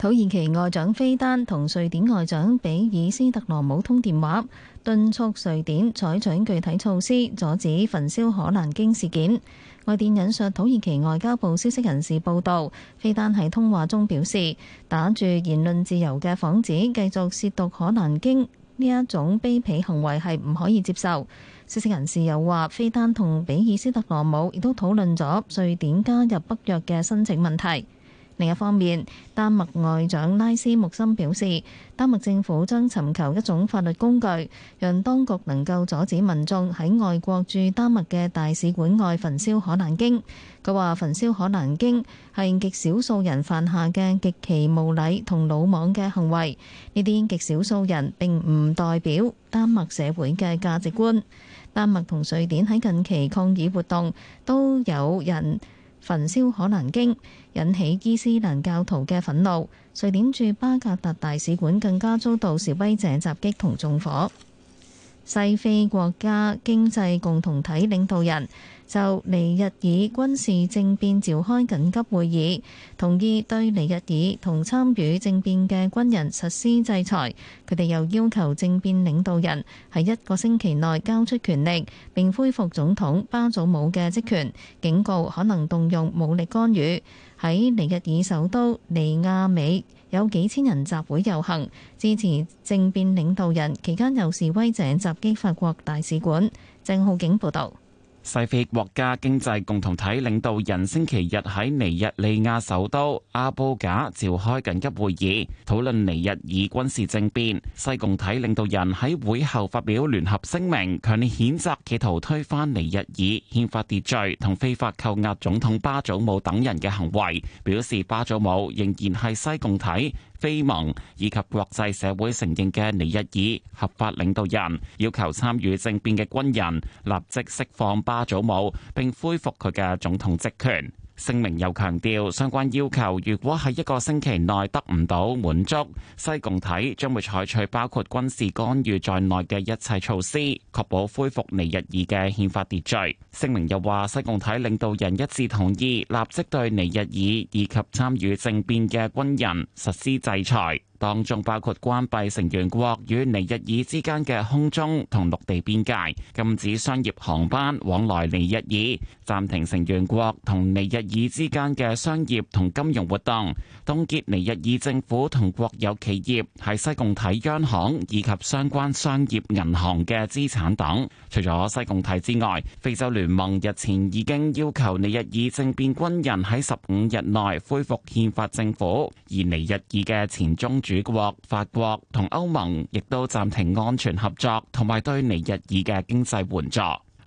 土耳其外長菲丹同瑞典外長比爾斯特羅姆通電話，敦促瑞典採取具體措施，阻止焚燒可蘭經事件。外電引述土耳其外交部消息人士報道，菲丹喺通話中表示，打住言論自由嘅幌子，繼續褻瀆可蘭經呢一種卑鄙行為係唔可以接受。消息人士又話，菲丹同比爾斯特羅姆亦都討論咗瑞典加入北約嘅申請問題。另一方面，丹麥外長拉斯穆森表示，丹麥政府將尋求一種法律工具，讓當局能夠阻止民眾喺外國駐丹麥嘅大使館外焚燒《可蘭經》。佢話：焚燒《可蘭經》係極少數人犯下嘅極其無禮同魯莽嘅行為，呢啲極少數人並唔代表丹麥社會嘅價值觀。丹麥同瑞典喺近期抗議活動都有人。焚燒《可蘭經》，引起伊斯蘭教徒嘅憤怒。瑞典駐巴格達大使館更加遭到示威者襲擊同縱火。西非國家經濟共同體領導人就尼日爾軍事政變召開緊急會議，同意對尼日爾同參與政變嘅軍人實施制裁。佢哋又要求政變領導人喺一個星期內交出權力，並恢復總統巴祖姆嘅職權。警告可能動用武力干預。喺尼日爾首都尼亞美，有幾千人集會遊行，支持政變領導人，期間有示威者襲擊法國大使館。鄭浩景報道。西非國家經濟共同體領導人星期日喺尼日利亞首都阿布賈召開緊急會議，討論尼日爾軍事政變。西共體領導人喺會後發表聯合聲明，強烈譴責企圖推翻尼日爾憲法秩序同非法扣押總統巴祖姆等人嘅行為，表示巴祖姆仍然係西共體非盟以及國際社會承認嘅尼日爾合法領導人，要求參與政變嘅軍人立即釋放巴祖姆，並恢復佢嘅總統職權。聲明又強調，相關要求如果喺一個星期內得唔到滿足，西共體將會採取包括軍事干預在內嘅一切措施，確保恢復尼日爾嘅憲法秩序。聲明又話，西共體領導人一致同意立即對尼日爾以及參與政變嘅軍人實施制裁。當中包括關閉成員國與尼日爾之間嘅空中同陸地邊界，禁止商業航班往來尼日爾，暫停成員國同尼日爾之間嘅商業同金融活動，凍結尼日爾政府同國有企業喺西共體央行以及相關商業銀行嘅資產等。除咗西共體之外，非洲聯盟日前已經要求尼日爾政變軍人喺十五日內恢復憲法政府，而尼日爾嘅前中主國法國同歐盟亦都暫停安全合作，同埋對尼日爾嘅經濟援助。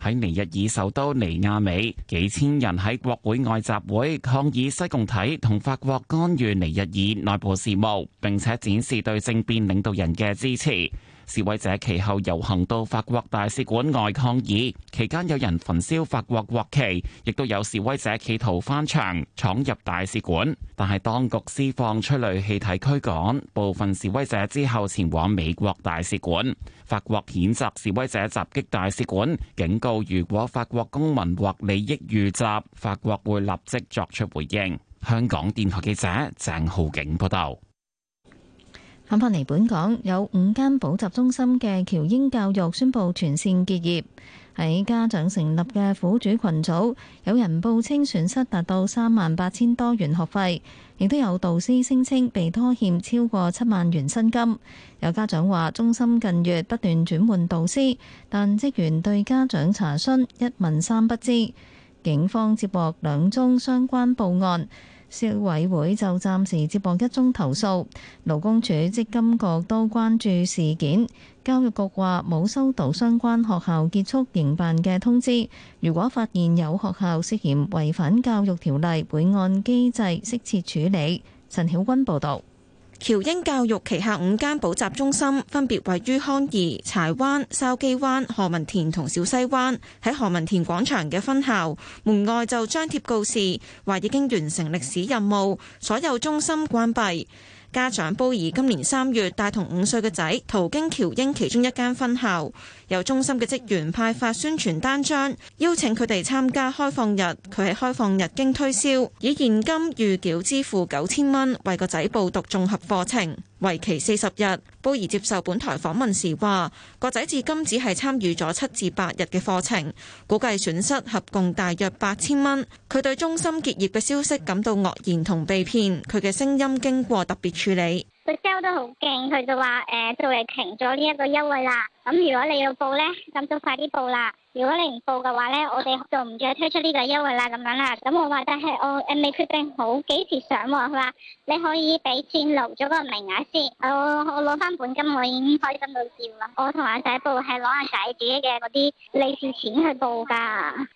喺尼日爾首都尼亞美，幾千人喺國會外集會抗議西共體同法國干預尼日爾內部事務，並且展示對政變領導人嘅支持。示威者其後遊行到法國大使館外抗議，期間有人焚燒法國國旗，亦都有示威者企圖翻牆闖入大使館，但係當局施放催淚氣體驅趕，部分示威者之後前往美國大使館，法國譴責示威者襲擊大使館，警告如果法國公民或利益遇襲，法國會立即作出回應。香港電台記者鄭浩景報道。翻返嚟，本港有五間補習中心嘅喬英教育宣布全線結業。喺家長成立嘅苦主群組，有人報稱損失達到三萬八千多元學費，亦都有導師聲稱被拖欠超過七萬元薪金。有家長話，中心近月不斷轉換導師，但職員對家長查詢一問三不知。警方接獲兩宗相關報案。消委會就暫時接獲一宗投訴，勞工處、積金局都關注事件。教育局話冇收到相關學校結束營辦嘅通知，如果發現有學校涉嫌違反教育條例，會按機制適切處理。陳曉君報導。僑英教育旗下五間補習中心分別位於康怡、柴灣、筲箕灣、何文田同小西灣，喺何文田廣場嘅分校門外就張貼告示，話已經完成歷史任務，所有中心關閉。家長鮑儀今年三月帶同五歲嘅仔途經僑英其中一間分校。由中心嘅職員派發宣傳單張，邀請佢哋參加開放日。佢喺開放日經推銷，以現金預繳支付九千蚊，為個仔報讀綜合課程，為期四十日。鮑儀接受本台訪問時話：個仔至今只係參與咗七至八日嘅課程，估計損失合共大約八千蚊。佢對中心結業嘅消息感到愕然同被騙。佢嘅聲音經過特別處理，佢 sell 得好勁，佢就話：誒，就係停咗呢一個優惠啦。咁如果你要報呢，咁就快啲報啦。如果你唔報嘅話呢，我哋就唔再推出呢個優惠啦。咁樣啦。咁我話，但係我誒未決定好幾時上喎、啊。佢話你可以俾錢留咗個名額先。哦、我我攞翻本金，我已經開心到跳啦。我同阿仔報係攞阿仔自己嘅嗰啲利是錢去報㗎，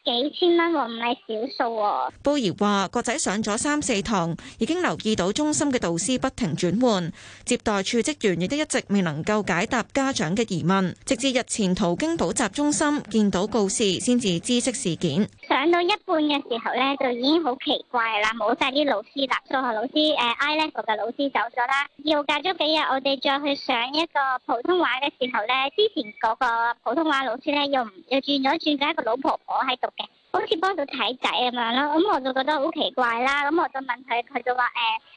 幾千蚊喎、啊，唔係少數喎、啊。報兒話：個仔上咗三四堂，已經留意到中心嘅導師不停轉換，接待處職員亦都一直未能夠解答家長嘅疑問。直至日前途經補習中心，見到告示先至知悉事件。上到一半嘅時候咧，就已經好奇怪啦，冇晒啲老師啦，數學老師誒，I Level 嘅老師走咗啦。要隔咗幾日，我哋再去上一個普通話嘅時候咧，之前嗰個普通話老師咧又唔又轉咗轉緊一個老婆婆喺度嘅。好似幫到睇仔咁樣囉，咁我就覺得好奇怪啦。咁我就問佢，佢就話：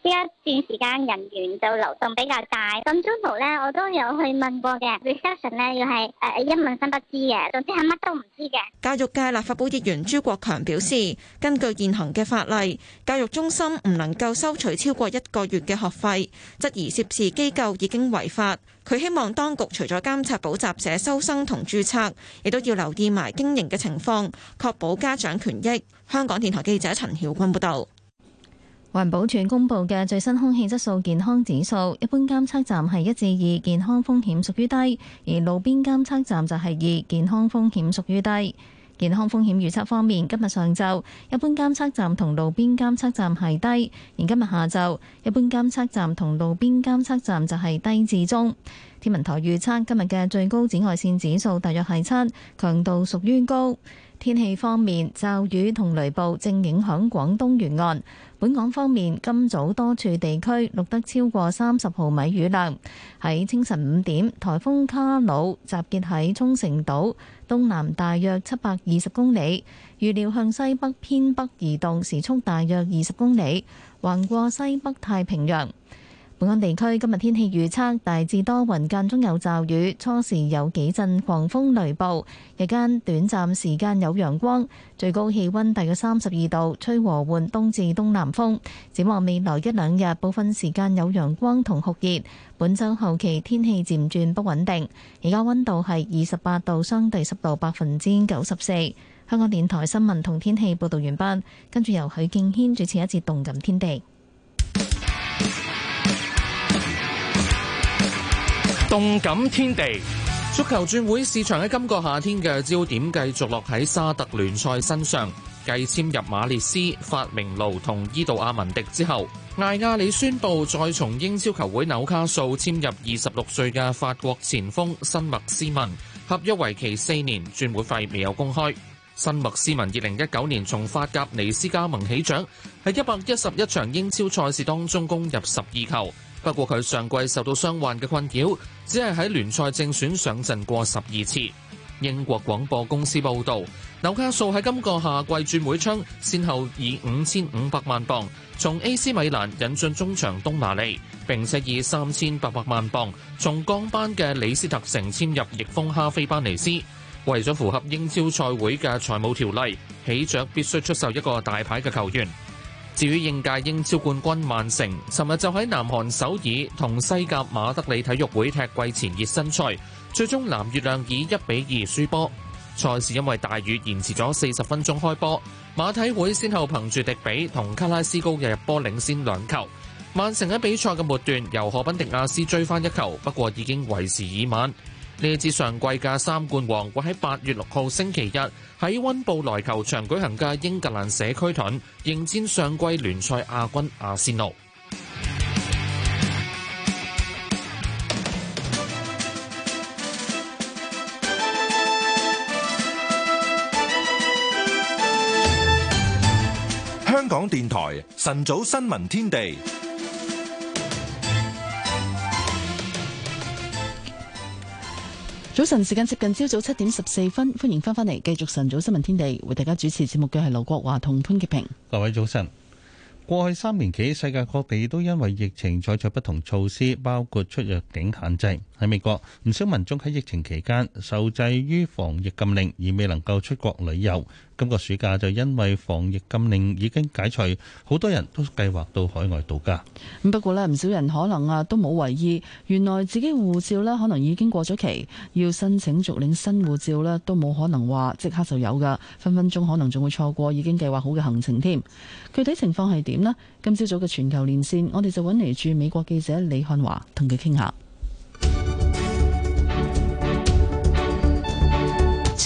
誒呢一段時間人員就流動比較大。咁中途呢，我都有去問過嘅，reception 呢又係誒一問三不知嘅，總之係乜都唔知嘅。教育界立法會議員朱國強表示，根據現行嘅法例，教育中心唔能夠收取超過一個月嘅學費，質疑涉事機構已經違法。佢希望當局除咗監察補習社收生同註冊，亦都要留意埋經營嘅情況，確保家長權益。香港電台記者陳曉君報導。環保署公布嘅最新空氣質素健康指數，一般監測站係一至二，健康風險屬於低；而路邊監測站就係二，健康風險屬於低。健康風險預測方面，今日上晝一般監測站同路邊監測站係低，而今日下晝一般監測站同路邊監測站就係低至中。天文台預測今日嘅最高紫外線指數大約係七，強度屬於高。天氣方面，驟雨同雷暴正影響廣東沿岸。本港方面，今早多處地區錄得超過三十毫米雨量。喺清晨五點，颱風卡努集結喺沖繩島東南，大約七百二十公里，預料向西北偏北移動，時速大約二十公里，橫過西北太平洋。本港地區今日天氣預測，大致多雲間中有驟雨，初時有幾陣狂風雷暴，日間短暫時間有陽光，最高氣溫大約三十二度，吹和緩東至東南風。展望未來一兩日，部分時間有陽光同酷熱，本周後期天氣漸轉不穩定。而家溫度係二十八度，相對濕度百分之九十四。香港電台新聞同天氣報道完畢，跟住由許敬軒主持一節《動感天地》。動感天地，足球轉會市場喺今個夏天嘅焦點繼續落喺沙特聯賽身上。繼簽入馬列斯、法明路同伊杜阿文迪之後，艾亞里宣布再從英超球會紐卡素簽入二十六歲嘅法國前鋒申麥斯文，合約為期四年，轉會費未有公開。申麥斯文二零一九年從法甲尼斯加盟起獎，喺一百一十一場英超賽事當中攻入十二球。不過佢上季受到傷患嘅困擾，只係喺聯賽正選上陣過十二次。英國廣播公司報道，紐卡素喺今個夏季轉會窗，先後以五千五百萬鎊從 AC 米蘭引進中場東拿利，並且以三千八百萬鎊從降班嘅李斯特城簽入翼鋒哈菲班尼斯。為咗符合英超賽會嘅財務條例，起着必須出售一個大牌嘅球員。至於應屆英超冠軍曼城，尋日就喺南韓首爾同西甲馬德里體育會踢季前熱身賽，最終藍月亮以一比二輸波。賽事因為大雨延遲咗四十分鐘開波，馬體會先後憑住迪比同卡拉斯高嘅入波領先兩球，曼城喺比賽嘅末段由荷賓迪亞斯追翻一球，不過已經為時已晚。呢支上季嘅三冠王會喺八月六號星期日喺溫布萊球場舉行嘅英格蘭社區盾，迎戰上季聯賽亞軍阿仙奴。香港電台晨早新聞天地。早晨，時間接近朝早七點十四分，歡迎翻返嚟繼續晨早新聞天地，為大家主持節目嘅係劉國華同潘潔平。各位早晨，過去三年幾，世界各地都因為疫情採取不同措施，包括出入境限制。喺美國，唔少民眾喺疫情期間受制於防疫禁令而未能夠出國旅遊。今個暑假就因為防疫禁令已經解除，好多人都計劃到海外度假。不過呢，唔少人可能啊都冇留意，原來自己護照呢可能已經過咗期，要申請續領新護照呢都冇可能話即刻就有噶，分分鐘可能仲會錯過已經計劃好嘅行程添。具體情況係點呢？今朝早嘅全球連線，我哋就揾嚟駐美國記者李漢華同佢傾下。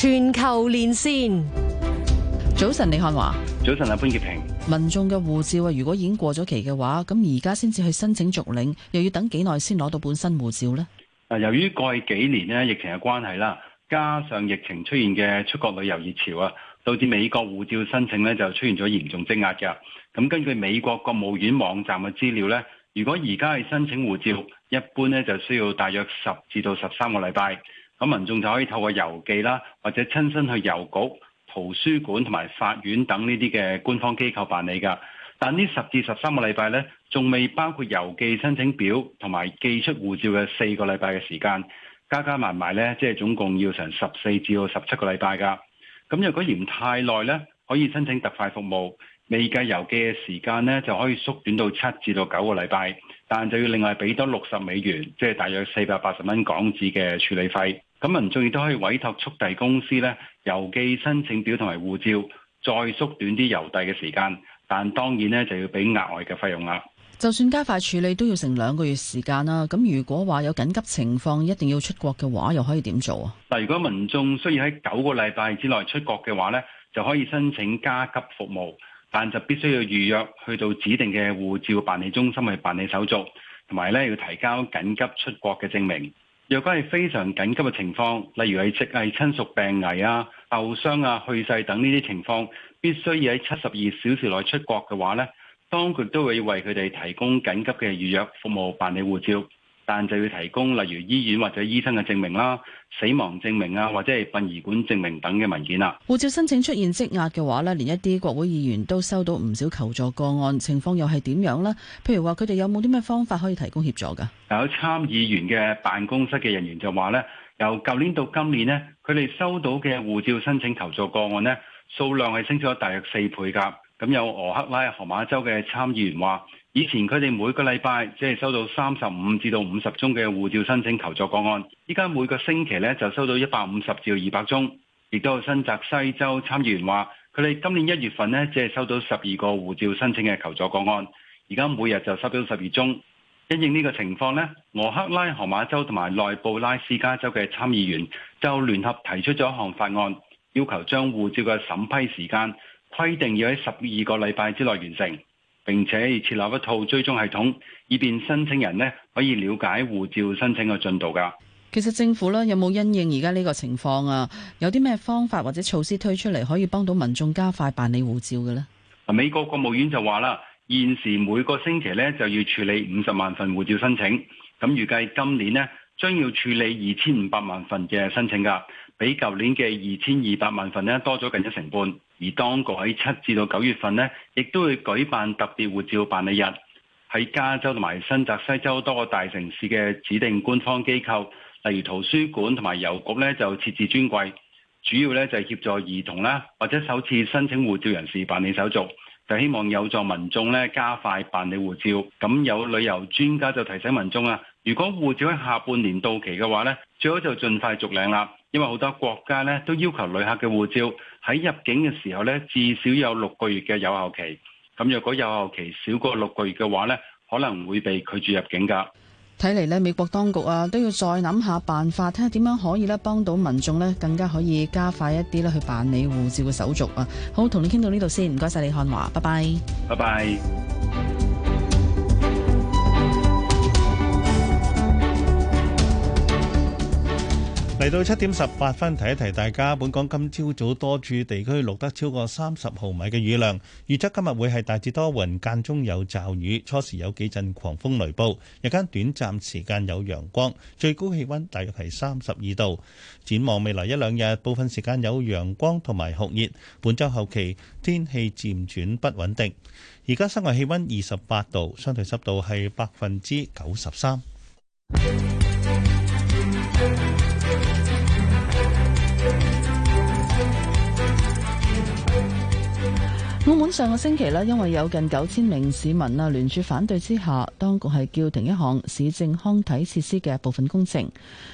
全球連線，早晨李漢華。早晨阿潘潔平。民眾嘅護照啊，如果已經過咗期嘅話，咁而家先至去申請續領，又要等幾耐先攞到本身護照呢？啊，由於過去幾年呢，疫情嘅關係啦，加上疫情出現嘅出國旅遊熱潮啊，導致美國護照申請呢就出現咗嚴重積壓嘅。咁根據美國國務院網站嘅資料呢，如果而家係申請護照，一般呢就需要大約十至到十三個禮拜。咁民眾就可以透過郵寄啦，或者親身去郵局、圖書館同埋法院等呢啲嘅官方機構辦理㗎。但呢十至十三個禮拜咧，仲未包括郵寄申請表同埋寄出護照嘅四個禮拜嘅時間，加加埋埋咧，即係總共要成十四至到十七個禮拜㗎。咁若果嫌太耐咧，可以申請特快服務，未計郵寄嘅時間咧，就可以縮短到七至到九個禮拜，但就要另外俾多六十美元，即係大約四百八十蚊港紙嘅處理費。咁民眾亦都可以委託速遞公司咧郵寄申請表同埋護照，再縮短啲郵遞嘅時間。但當然咧就要俾額外嘅費用啦。就算加快處理都要成兩個月時間啦。咁如果話有緊急情況一定要出國嘅話，又可以點做啊？嗱，如果民眾需要喺九個禮拜之內出國嘅話咧，就可以申請加急服務，但就必須要預約去到指定嘅護照辦理中心去辦理手續，同埋咧要提交緊急出國嘅證明。若果係非常緊急嘅情況，例如係直系親屬病危啊、受傷啊、去世等呢啲情況，必須要喺七十二小時內出國嘅話咧，當局都會為佢哋提供緊急嘅預約服務辦理護照。但就要提供例如醫院或者醫生嘅證明啦、死亡證明啊或者係殯儀館證明等嘅文件啦。護照申請出現積壓嘅話咧，連一啲國會議員都收到唔少求助個案，情況又係點樣咧？譬如話佢哋有冇啲咩方法可以提供協助噶，有參議員嘅辦公室嘅人員就話咧，由舊年到今年咧，佢哋收到嘅護照申請求助個案咧，數量係升咗大約四倍噶。咁有俄克拉荷馬州嘅參議員話。以前佢哋每個禮拜只係收到三十五至到五十宗嘅護照申請求助個案，依家每個星期咧就收到一百五十至二百宗。亦都有新澤西州參議員話：佢哋今年一月份呢，只係收到十二個護照申請嘅求助個案，而家每日就收到十二宗。因應呢個情況呢，俄克拉荷馬州同埋內布拉斯加州嘅參議員就聯合提出咗一項法案，要求將護照嘅審批時間規定要喺十二個禮拜之內完成。並且設立一套追蹤系統，以便申請人呢可以了解護照申請嘅進度噶。其實政府咧有冇因應而家呢個情況啊？有啲咩方法或者措施推出嚟，可以幫到民眾加快辦理護照嘅呢？美國國務院就話啦，現時每個星期咧就要處理五十萬份護照申請，咁預計今年呢將要處理二千五百萬份嘅申請噶。比舊年嘅二千二百萬份呢多咗近一成半，而當局喺七至到九月份呢亦都會舉辦特別護照辦理日，喺加州同埋新澤西州多個大城市嘅指定官方機構，例如圖書館同埋郵局呢就設置專櫃，主要呢就協助兒童啦或者首次申請護照人士辦理手續，就希望有助民眾呢加快辦理護照。咁有旅遊專家就提醒民眾啊，如果護照喺下半年到期嘅話呢，最好就盡快續領啦。因為好多國家咧都要求旅客嘅護照喺入境嘅時候咧至少有六個月嘅有效期，咁若果有效期少過六個月嘅話咧，可能會被拒絕入境㗎。睇嚟咧，美國當局啊都要再諗下辦法，睇下點樣可以咧幫到民眾咧更加可以加快一啲咧去辦理護照嘅手續啊。好，同你傾到呢度先，唔該晒李漢華，拜拜，拜拜。嚟到七點十八分，提一提大家，本港今朝早多處地區錄得超過三十毫米嘅雨量，預測今日會係大致多雲，間中有驟雨，初時有幾陣狂風雷暴，日間短暫時間有陽光，最高氣溫大約係三十二度。展望未來一兩日，部分時間有陽光同埋酷熱。本周後期天氣漸轉不穩定。而家室外氣溫二十八度，相對濕度係百分之九十三。澳門上個星期呢因為有近九千名市民啊聯署反對之下，當局係叫停一項市政康體設施嘅部分工程。咁、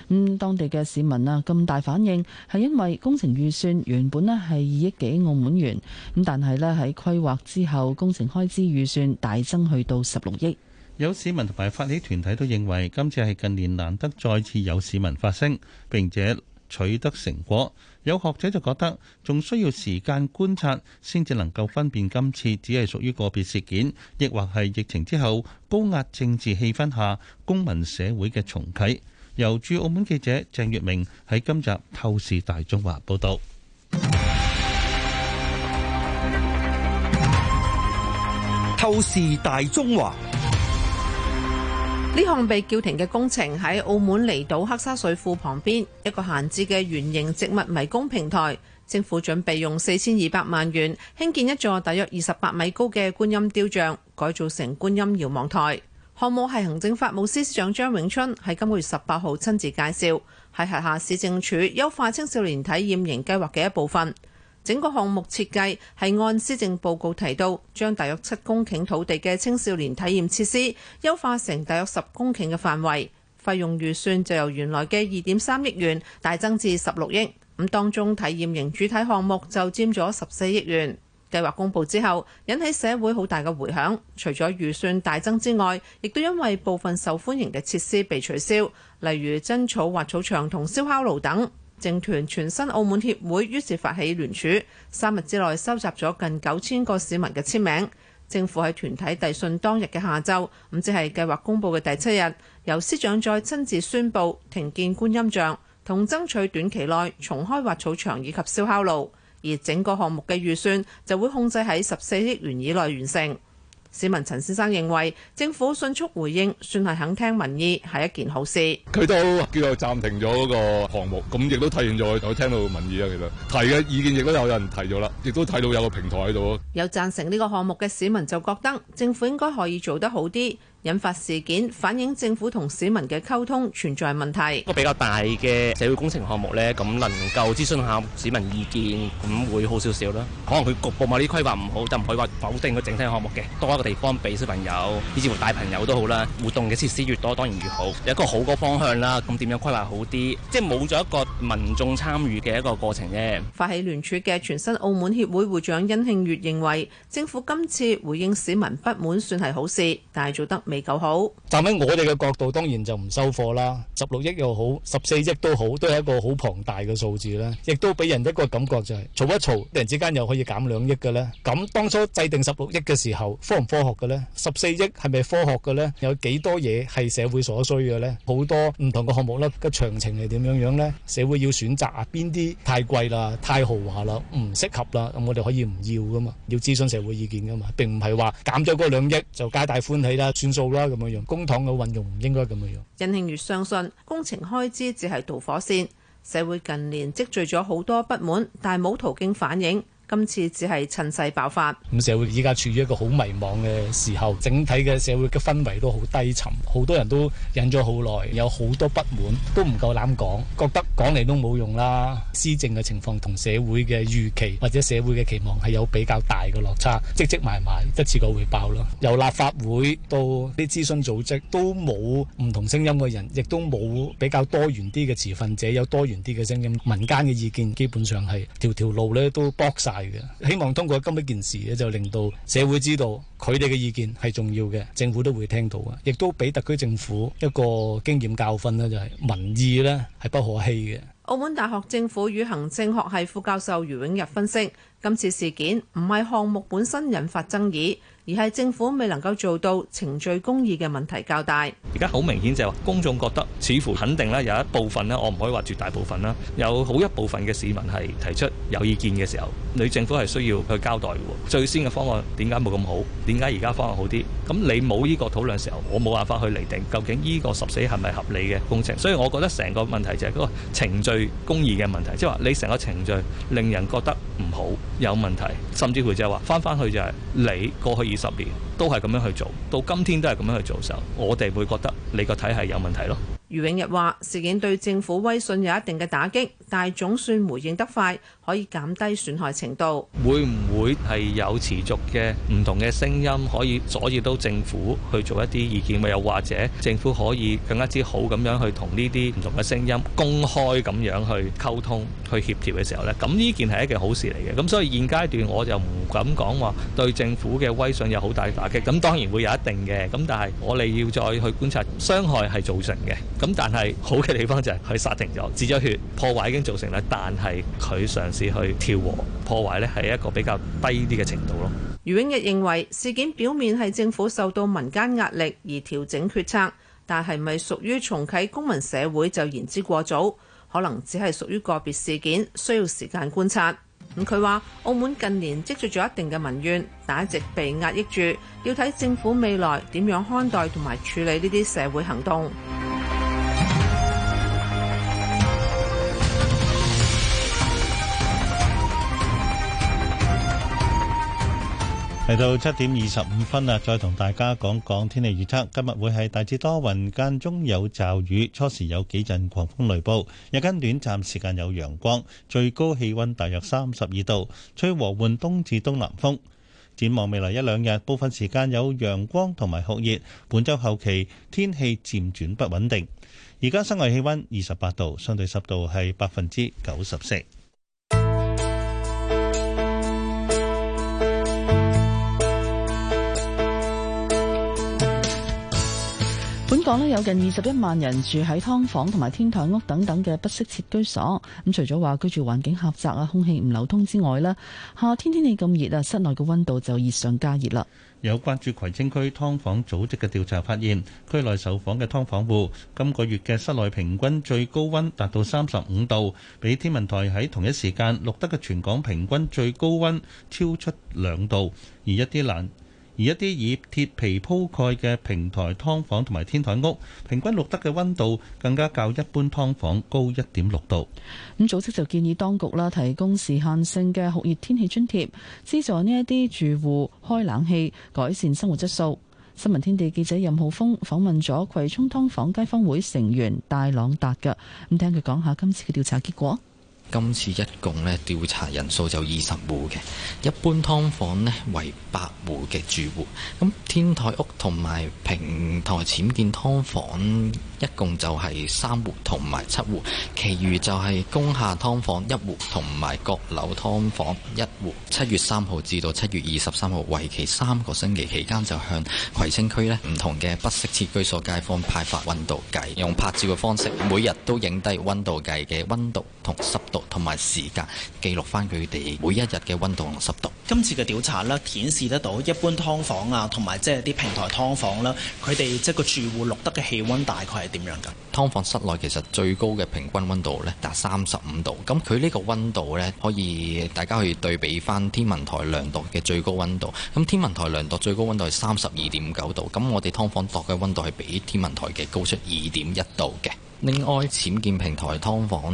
嗯、當地嘅市民啊咁大反應，係因為工程預算原本咧係二億幾澳門元，咁但係呢喺規劃之後，工程開支預算大增去到十六億。有市民同埋發起團體都認為，今次係近年難得再次有市民發聲，並且取得成果。有學者就覺得，仲需要時間觀察，先至能夠分辨今次只係屬於個別事件，亦或係疫情之後高壓政治氣氛下公民社會嘅重啟。由駐澳門記者鄭月明喺今集《透視大中華》報道。《透視大中華》呢項被叫停嘅工程喺澳門離島黑沙水庫旁邊一個閒置嘅圓形植物迷宮平台，政府準備用四千二百萬元興建一座大約二十八米高嘅觀音雕像，改造成觀音遙望台。項目係行政法務司司長張永春喺今個月十八號親自介紹，係轄下市政署優化青少年體驗營計劃嘅一部分。整個項目設計係按施政報告提到，將大約七公頃土地嘅青少年體驗設施優化成大約十公頃嘅範圍，費用預算就由原來嘅二點三億元大增至十六億。咁當中體驗型主題項目就佔咗十四億元。計劃公佈之後，引起社會好大嘅迴響。除咗預算大增之外，亦都因為部分受歡迎嘅設施被取消，例如真草滑草場同燒烤爐等。政團全新澳門協會於是發起聯署，三日之內收集咗近九千個市民嘅簽名。政府喺團體遞信當日嘅下晝，咁即係計劃公佈嘅第七日，由司長再親自宣佈停建觀音像，同爭取短期內重開滑草場以及燒烤爐，而整個項目嘅預算就會控制喺十四億元以內完成。市民陳先生認為政府迅速回應，算係肯聽民意，係一件好事。佢都叫做暫停咗嗰個項目，咁亦都體現咗佢聽到民意啊。其實提嘅意見亦都有人提咗啦，亦都睇到有個平台喺度。有贊成呢個項目嘅市民就覺得政府應該可以做得好啲。引發事件反映政府未夠好，站喺我哋嘅角度，當然就唔收貨啦。十六億又好，十四億都好，都係一個好龐大嘅數字啦。亦都俾人一個感覺就係、是、嘈一嘈，突然之間又可以減兩億嘅呢。咁當初制定十六億嘅時候，科唔科學嘅呢？十四億係咪科學嘅呢？有幾多嘢係社會所需嘅呢？好多唔同嘅項目啦，個詳情係點樣樣呢？社會要選擇啊，邊啲太貴啦、太豪華啦、唔適合啦，咁我哋可以唔要噶嘛？要諮詢社會意見噶嘛？並唔係話減咗嗰兩億就皆大歡喜啦，算數。做啦咁嘅樣，公帑嘅運用唔應該咁嘅樣。任慶月相信工程開支只係導火線，社會近年積聚咗好多不滿，但冇途徑反映。今次只係趁勢爆發，咁社會依家處於一個好迷茫嘅時候，整體嘅社會嘅氛圍都好低沉，好多人都忍咗好耐，有好多不滿都唔夠膽講，覺得講嚟都冇用啦。施政嘅情況同社會嘅預期或者社會嘅期望係有比較大嘅落差，積積埋埋埋一次過會爆咯。由立法會到啲諮詢組織都冇唔同聲音嘅人，亦都冇比較多元啲嘅持份者，有多元啲嘅聲音。民間嘅意見基本上係條條路咧都剝曬。希望通過今次件事咧，就令到社會知道佢哋嘅意見係重要嘅，政府都會聽到嘅，亦都俾特區政府一個經驗教訓啦，就係民意咧，係不可欺嘅。澳門大學政府與行政學系副教授余永日分析，今次事件唔係項目本身引發爭議。而係政府未能夠做到程序公義嘅問題較大。而家好明顯就係話，公眾覺得似乎肯定咧，有一部分咧，我唔可以話絕大部分啦，有好一部分嘅市民係提出有意見嘅時候，你政府係需要去交代嘅。最先嘅方案點解冇咁好？點解而家方案好啲？咁你冇呢個討論嘅時候，我冇辦法去釐定究竟呢個十四係咪合理嘅工程？所以，我覺得成個問題就係嗰個程序公義嘅問題，即係話你成個程序令人覺得唔好有問題，甚至乎就係話翻翻去就係你過去。二十年都係咁樣去做，到今天都係咁樣去做，時候我哋會覺得你個體系有問題咯。余永日話：事件對政府威信有一定嘅打擊，但係總算回應得快。可以減低損害程度，會唔會係有持續嘅唔同嘅聲音可以阻止到政府去做一啲意見？咪又或者政府可以更加之好咁樣去同呢啲唔同嘅聲音公開咁樣去溝通、去協調嘅時候呢？咁呢件係一件好事嚟嘅。咁所以現階段我就唔敢講話對政府嘅威信有好大嘅打擊。咁當然會有一定嘅。咁但係我哋要再去觀察，傷害係造成嘅。咁但係好嘅地方就係佢煞停咗，止咗血，破壞已經造成啦。但係佢上。去調和破壞咧，係一個比較低啲嘅程度咯。余永日認為事件表面係政府受到民間壓力而調整決策，但係咪屬於重啟公民社會就言之過早，可能只係屬於個別事件，需要時間觀察。咁佢話：澳門近年積聚咗一定嘅民怨，但一直被壓抑住，要睇政府未來點樣看待同埋處理呢啲社會行動。嚟到七點二十五分啦，再同大家講講天氣預測。今日會係大致多雲間中有驟雨，初時有幾陣狂風雷暴，日間短暫時間有陽光，最高氣温大約三十二度，吹和緩東至東南風。展望未來一兩日，部分時間有陽光同埋酷熱。本周後期天氣漸轉不穩定。而家室外氣温二十八度，相對濕度係百分之九十四。講咧、哦、有近二十一萬人住喺劏房同埋天台屋等等嘅不適設居所，咁、嗯、除咗話居住環境狹窄啊、空氣唔流通之外咧，夏、啊、天天氣咁熱啊，室內嘅溫度就熱上加熱啦。有關注葵青區劏房組織嘅調查發現，區內受訪嘅劏房戶今個月嘅室內平均最高溫達到三十五度，比天文台喺同一時間錄得嘅全港平均最高溫超出兩度，而一啲難而一啲以鐵皮鋪蓋嘅平台劏房同埋天台屋，平均錄得嘅溫度更加較一般劏房高一點六度。咁組織就建議當局啦，提供時限性嘅酷熱天氣津貼，資助呢一啲住戶開冷氣，改善生活質素。新聞天地記者任浩峰訪問咗葵涌劏房街坊會成員戴朗達嘅咁，聽佢講下今次嘅調查結果。今次一共咧調查人數就二十戶嘅，一般劏房咧為八戶嘅住戶，咁天台屋同埋平台僭建劏房，一共就係三戶同埋七戶，其餘就係工廈劏房一戶同埋閣樓劏房一戶。七月三號至到七月二十三號，為期三個星期期間，就向葵青區咧唔同嘅不適切居所街坊派發溫度計，用拍照嘅方式，每日都影低溫度計嘅溫度同濕度同埋時間，記錄翻佢哋每一日嘅溫度同濕度。今次嘅調查咧，顯示得到一般劏房啊，同埋即係啲平台劏房啦，佢哋即係個住戶錄得嘅氣溫大概係。點樣㗎？劏房室內其實最高嘅平均温度咧，達三十五度。咁佢呢個温度呢，可以大家可以對比返天文台量度嘅最高温度。咁天文台量度最高温度係三十二點九度。咁我哋劏房度嘅温度係比天文台嘅高出二點一度嘅。另外，僭建平台劏房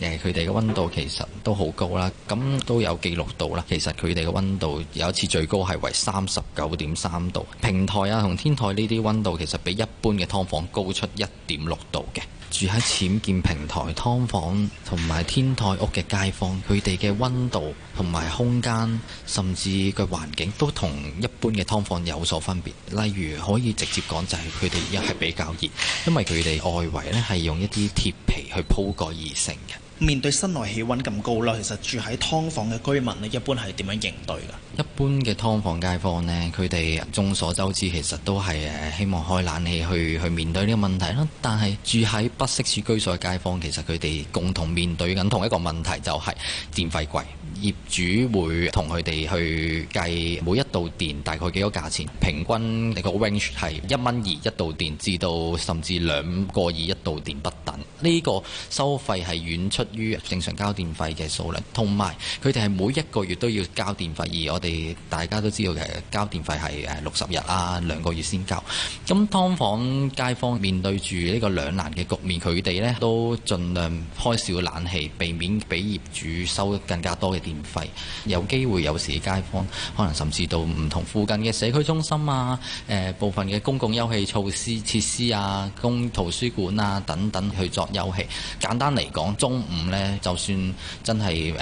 誒，佢哋嘅温度其實都好高啦，咁都有記錄到啦。其實佢哋嘅温度有一次最高係為三十九點三度，平台啊、同天台呢啲温度其實比一般嘅劏房高出一點六度嘅。住喺僭建平台劏房同埋天台屋嘅街坊，佢哋嘅温度同埋空間，甚至個環境都同一般嘅劏房有所分別。例如可以直接講，就係佢哋而家係比較熱，因為佢哋外圍呢係用一啲鐵皮去鋪蓋而成嘅。面對室內氣温咁高啦，其實住喺劏房嘅居民咧，一般係點樣應對㗎？一般嘅劏房街坊呢，佢哋眾所周知，其實都係誒希望開冷氣去去面對呢個問題啦。但係住喺不適切居所嘅街坊，其實佢哋共同面對緊同一個問題就，就係電費貴。業主會同佢哋去計每一度電大概幾多價錢，平均你個 range 係一蚊二一度電至到甚至兩個二一度電不等。呢個收費係遠出於正常交電費嘅數量，同埋佢哋係每一個月都要交電費，而我哋大家都知道嘅交電費係誒六十日啊兩個月先交。咁劏房街坊面對住呢個兩難嘅局面，佢哋咧都盡量開少冷氣，避免俾業主收更加多嘅電。電費有機會，有時街坊可能甚至到唔同附近嘅社區中心啊、誒、呃、部分嘅公共休憩措施設施啊、公圖書館啊等等去作休憩。簡單嚟講，中午呢就算真係誒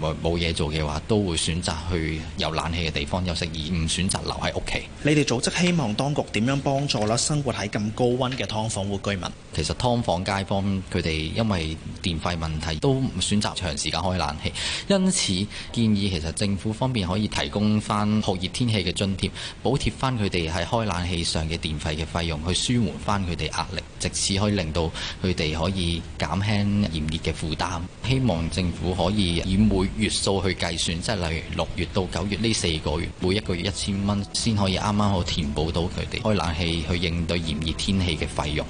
冇嘢做嘅話，都會選擇去有冷氣嘅地方休息，而唔選擇留喺屋企。你哋組織希望當局點樣幫助啦？生活喺咁高溫嘅劏房戶居民，其實劏房街坊佢哋因為電費問題都唔選擇長時間開冷氣，因此建議，其實政府方面可以提供翻酷熱天氣嘅津貼，補貼翻佢哋係開冷氣上嘅電費嘅費用，去舒緩翻佢哋壓力，直至可以令到佢哋可以減輕炎熱嘅負擔。希望政府可以以每月數去計算，即係例如六月到九月呢四個月，每一個月一千蚊，先可以啱啱好填補到佢哋開冷氣去應對炎熱天氣嘅費用。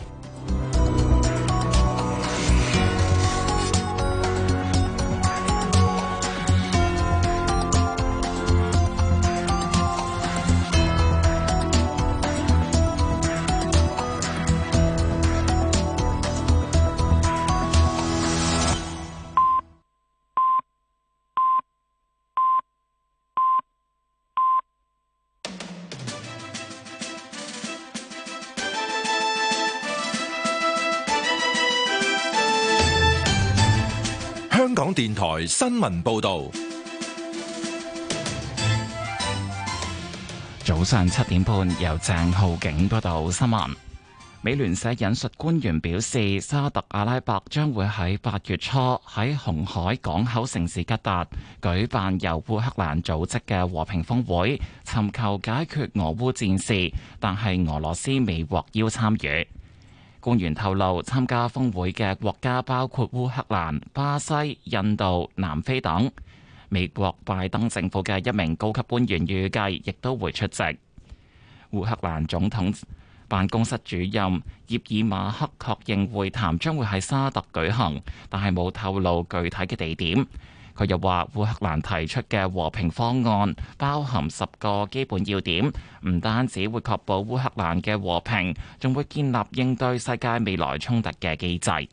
新聞報道，早上七點半由鄭浩景報道新聞。美聯社引述官員表示，沙特阿拉伯將會喺八月初喺紅海港口城市吉達舉辦由烏克蘭組織嘅和平峰會，尋求解決俄烏戰事，但係俄羅斯未獲邀參與。官員透露，參加峰會嘅國家包括烏克蘭、巴西、印度、南非等。美國拜登政府嘅一名高級官員預計亦都會出席。烏克蘭總統辦公室主任葉爾馬克確認會談將會喺沙特舉行，但係冇透露具體嘅地點。佢又話：烏克蘭提出嘅和平方案包含十個基本要點，唔單止會確保烏克蘭嘅和平，仲會建立應對世界未來衝突嘅機制。《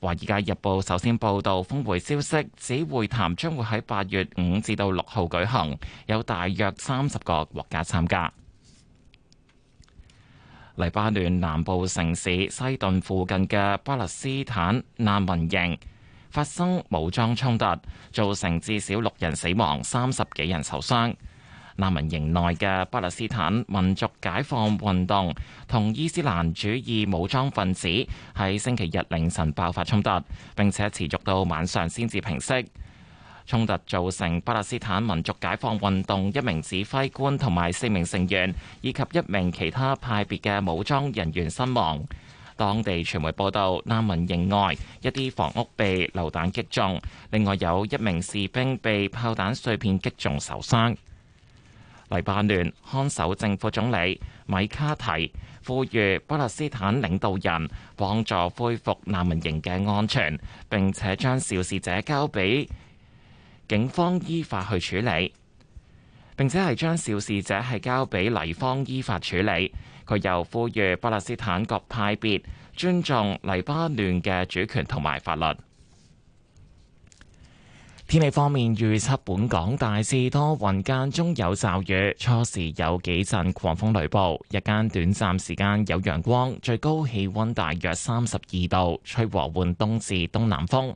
華爾街日報》首先報導峰會消息，指會談將會喺八月五至到六號舉行，有大約三十個國家參加。黎巴嫩南部城市西頓附近嘅巴勒斯坦難民營發生武裝衝突，造成至少六人死亡、三十幾人受傷。難民營內嘅巴勒斯坦民族解放運動同伊斯蘭主義武裝分子喺星期日凌晨爆發衝突，並且持續到晚上先至平息。衝突造成巴勒斯坦民族解放運動一名指揮官同埋四名成員，以及一名其他派別嘅武裝人員身亡。當地傳媒報道，難民營外一啲房屋被榴彈擊中，另外有一名士兵被炮彈碎片擊中受傷。黎巴嫩看守政府總理米卡提呼籲巴勒斯坦領導人幫助恢復難民營嘅安全，並且將肇事者交俾警方依法去處理，並且係將肇事者係交俾黎方依法處理。佢又呼籲巴勒斯坦各派別尊重黎巴嫩嘅主權同埋法律。天氣方面預測，本港大致多雲間中有驟雨，初時有幾陣狂風雷暴，日間短暫時間有陽光，最高氣温大約三十二度，吹和緩東至東南風。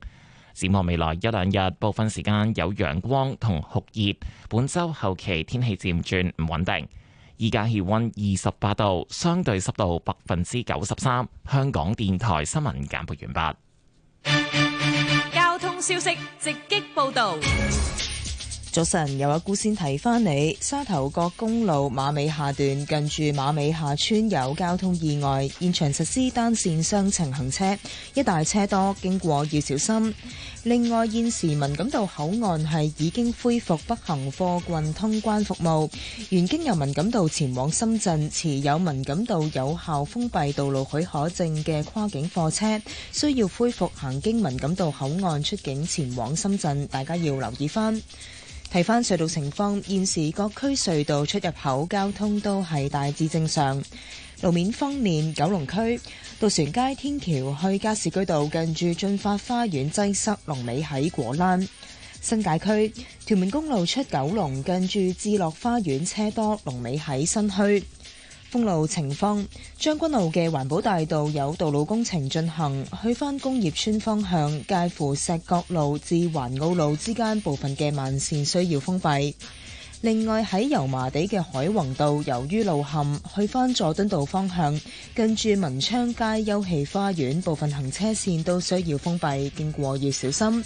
展望未來一兩日，部分時間有陽光同酷熱。本週後期天氣漸轉唔穩定。依家氣溫二十八度，相對濕度百分之九十三。香港電台新聞簡報完畢。交通消息直擊報道。早晨，有阿姑先提翻你，沙頭角公路馬尾下段近住馬尾下村有交通意外，現場實施單線雙程行車，一大車多經過要小心。另外，現時文錦道口岸係已經恢復北行貨運通關服務，原經由文錦道前往深圳持有文錦道有效封閉道路許可證嘅跨境貨車，需要恢復行經文錦道口岸出境前往深圳，大家要留意翻。睇翻隧道情況，現時各區隧道出入口交通都係大致正常。路面方面，九龍區渡船街天橋去加士居道近住進發花園擠塞，龍尾喺果欄；新界區屯門公路出九龍近住智樂花園車多，龍尾喺新墟。封路情況：將軍澳嘅環保大道有道路工程進行，去返工業村方向介乎石角路至環澳路之間部分嘅慢線需要封閉。另外喺油麻地嘅海泓道，由於路陷，去返佐敦道方向，近住文昌街休憩花園部分行車線都需要封閉，經過要小心。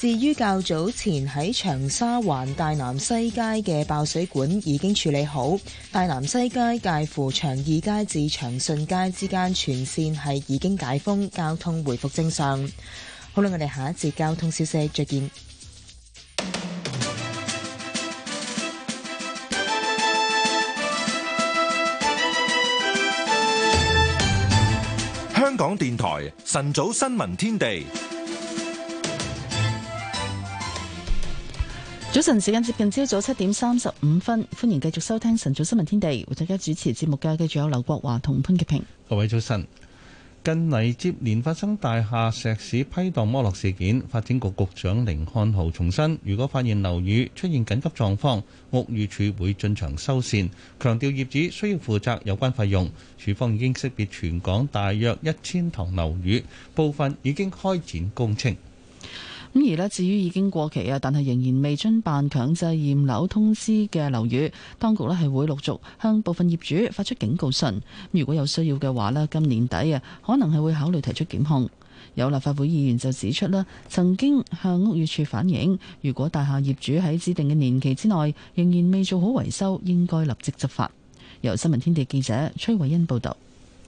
至於較早前喺長沙灣大南西街嘅爆水管已經處理好，大南西街介乎長義街至長順街之間全線係已經解封，交通回復正常。好啦，我哋下一節交通消息，再見。香港電台晨早新聞天地。早晨，時間接近朝早七點三十五分，歡迎繼續收聽晨早新聞天地。我哋而家主持節目嘅，繼續有劉國華同潘潔平。各位早晨。近嚟接連發生大廈石屎批盪剝落事件，發展局局長甯漢豪重申，如果發現樓宇出現緊急狀況，屋宇署會進場修繕，強調業主需要負責有關費用。署方已經識別全港大約一千幢樓宇，部分已經開展工程。咁而咧，至於已經過期啊，但係仍然未遵辦強制驗樓通知嘅樓宇，當局咧係會陸續向部分業主發出警告信。如果有需要嘅話咧，今年底啊，可能係會考慮提出檢控。有立法會議員就指出咧，曾經向屋宇署反映，如果大廈業主喺指定嘅年期之內仍然未做好維修，應該立即執法。由新聞天地記者崔慧欣報道。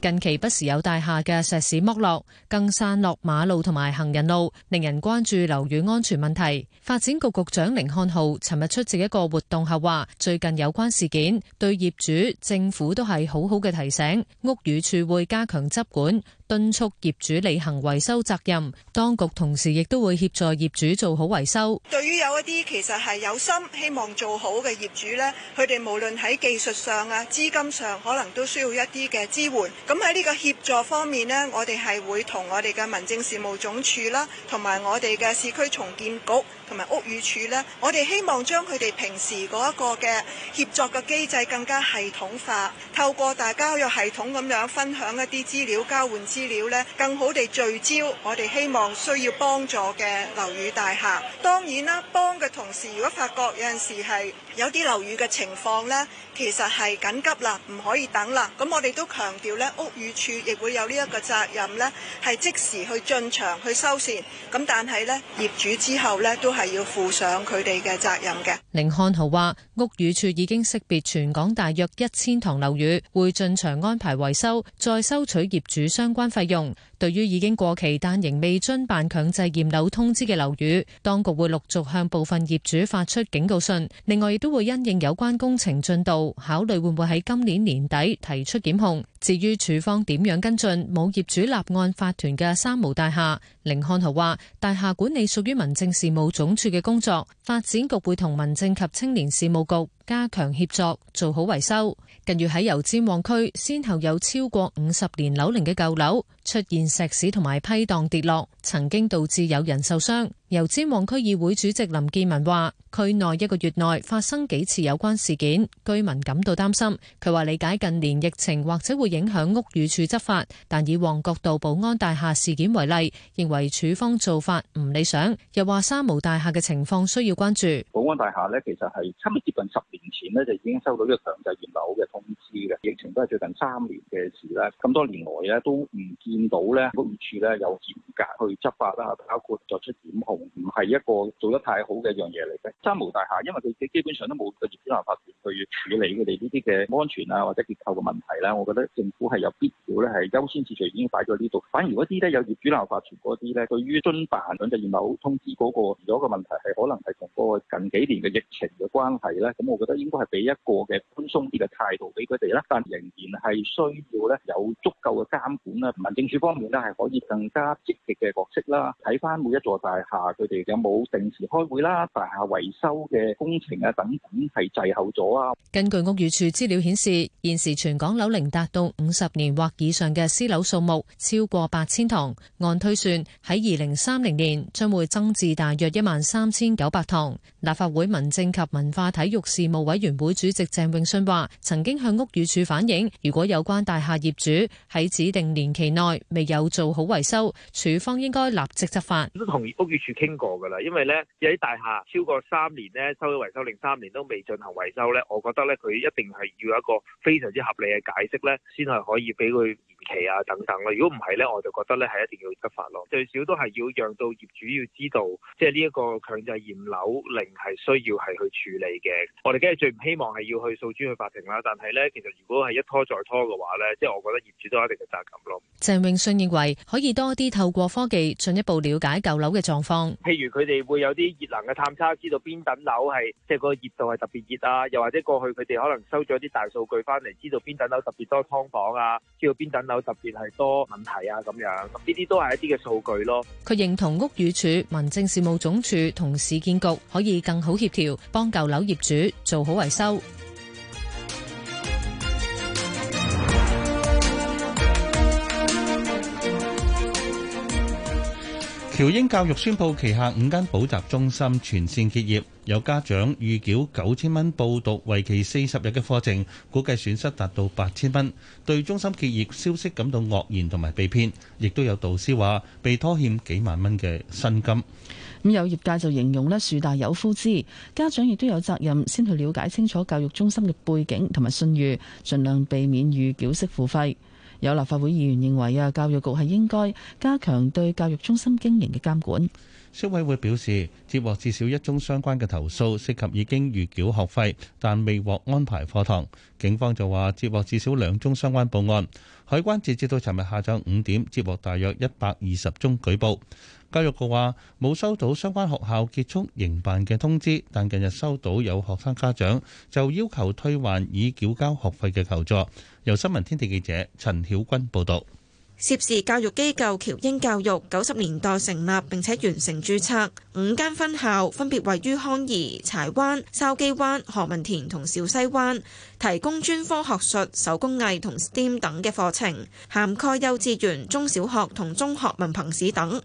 近期不時有大廈嘅石屎剝落，更散落馬路同埋行人路，令人關注樓宇安全問題。發展局局長甯漢豪尋日出席一個活動後話：最近有關事件對業主、政府都係好好嘅提醒，屋宇處會加強執管。敦促業主履行維修責任，當局同時亦都會協助業主做好維修。對於有一啲其實係有心希望做好嘅業主呢，佢哋無論喺技術上啊、資金上，可能都需要一啲嘅支援。咁喺呢個協助方面呢，我哋係會同我哋嘅民政事務總署啦，同埋我哋嘅市區重建局，同埋屋宇署咧，我哋希望將佢哋平時嗰一個嘅協作嘅機制更加系統化，透過大家有系統咁樣分享一啲資料、交換資料咧，更好地聚焦。我哋希望需要幫助嘅樓宇大廈，當然啦，幫嘅同時，如果發覺有陣時係。有啲漏雨嘅情況呢，其實係緊急啦，唔可以等啦。咁我哋都強調咧，屋宇署亦會有呢一個責任呢，係即時去進場去修繕。咁但係呢，業主之後呢，都係要負上佢哋嘅責任嘅。甯漢豪話：屋宇署已經識別全港大約一千幢樓宇，會進場安排維修，再收取業主相關費用。對於已經過期但仍未遵辦強制驗樓通知嘅樓宇，當局會陸續向部分業主發出警告信。另外，亦都會因應有關工程進度，考慮會唔會喺今年年底提出檢控。至於署方點樣跟進，冇業主立案法團嘅三毛大廈，凌漢豪話：大廈管理屬於民政事務總署嘅工作，發展局會同民政及青年事務局加強協助，做好維修。近日喺油尖旺區先後有超過五十年樓齡嘅舊樓。出現石屎同埋批檔跌落，曾經導致有人受傷。油尖旺區議會主席林建文話，區內一個月內發生幾次有關事件，居民感到擔心。佢話理解近年疫情或者會影響屋宇處執法，但以旺角道保安大廈事件為例，認為處方做法唔理想。又話沙毛大廈嘅情況需要關注。保安大廈呢，其實係差唔多接近十年前呢，就已經收到一個強制驗樓嘅通知嘅。疫情都係最近三年嘅事啦，咁多年來咧都唔見見到咧，屋、那、宇、個、署咧有嚴格去執法啦，包括作出檢控，唔係一個做得太好嘅一樣嘢嚟嘅。三無大廈，因為佢基基本上都冇個業主立案法團去處理佢哋呢啲嘅安全啊或者結構嘅問題啦，我覺得政府係有必要咧係優先次序已經擺咗呢度。反而如果啲咧有業主立案法團嗰啲咧，對於遵辦兩隻驗樓通知嗰、那個咗個問題係可能係同個近幾年嘅疫情嘅關係咧，咁我覺得應該係俾一個嘅寬鬆啲嘅態度俾佢哋啦。但仍然係需要咧有足夠嘅監管啊，廉署方面咧，係可以更加積極嘅角色啦。睇翻每一座大廈，佢哋有冇定時開會啦？大廈維修嘅工程啊，等等係滯後咗啊。根據屋宇署資料顯示，現時全港樓齡達到五十年或以上嘅私樓數目超過八千幢，按推算喺二零三零年將會增至大約一萬三千九百幢。立法會民政及文化體育事務委員會主席鄭泳舜話：曾經向屋宇署反映，如果有關大廈業主喺指定年期內，未有做好維修，署方應該立即執法。都同屋宇署傾過噶啦，因為咧有啲大廈超過三年咧收咗維修令，三年都未進行維修咧，我覺得咧佢一定係要有一個非常之合理嘅解釋咧，先係可以俾佢。期啊等等咯，如果唔係咧，我就覺得咧係一定要執法咯，最少都係要讓到業主要知道，即係呢一個強制驗樓令係需要係去處理嘅。我哋梗係最唔希望係要去訴諸去法庭啦，但係咧，其實如果係一拖再拖嘅話咧，即係我覺得業主都一定有責任咯。鄭永信認為可以多啲透過科技進一步了解舊樓嘅狀況，譬如佢哋會有啲熱能嘅探測，知道邊等樓係即係個熱度係特別熱啊，又或者過去佢哋可能收咗啲大數據翻嚟，知道邊等樓特別多劏房啊，知道邊等樓。有特別係多問題啊咁樣，咁呢啲都係一啲嘅數據咯。佢認同屋宇署、民政事務總署同市建局可以更好協調，幫舊樓業主做好維修。潮英教育宣布，旗下五間補習中心全線結業，有家長預繳九千蚊報讀為期四十日嘅課程，估計損失達到八千蚊。對中心結業消息感到愕然同埋被騙，亦都有導師話被拖欠幾萬蚊嘅薪金。咁、嗯、有業界就形容咧，樹大有枯枝，家長亦都有責任先去了解清楚教育中心嘅背景同埋信譽，盡量避免預繳式付費。有立法會議員認為啊，教育局係應該加強對教育中心經營嘅監管。消委會表示接獲至少一宗相關嘅投訴，涉及已經預繳學費但未獲安排課堂。警方就話接獲至少兩宗相關報案。海關截至到尋日下晝五點，接獲大約一百二十宗舉報。教育局話冇收到相關學校結束營辦嘅通知，但近日收到有學生家長就要求退還已繳交學費嘅求助。由新聞天地記者陳曉君報道。涉事教育機構喬英教育九十年代成立並且完成註冊，五間分校分別位於康怡、柴灣、筲箕灣、何文田同小西灣，提供專科學術、手工藝同 STEM 等嘅課程，涵蓋幼稚園、中小學同中學文憑試等。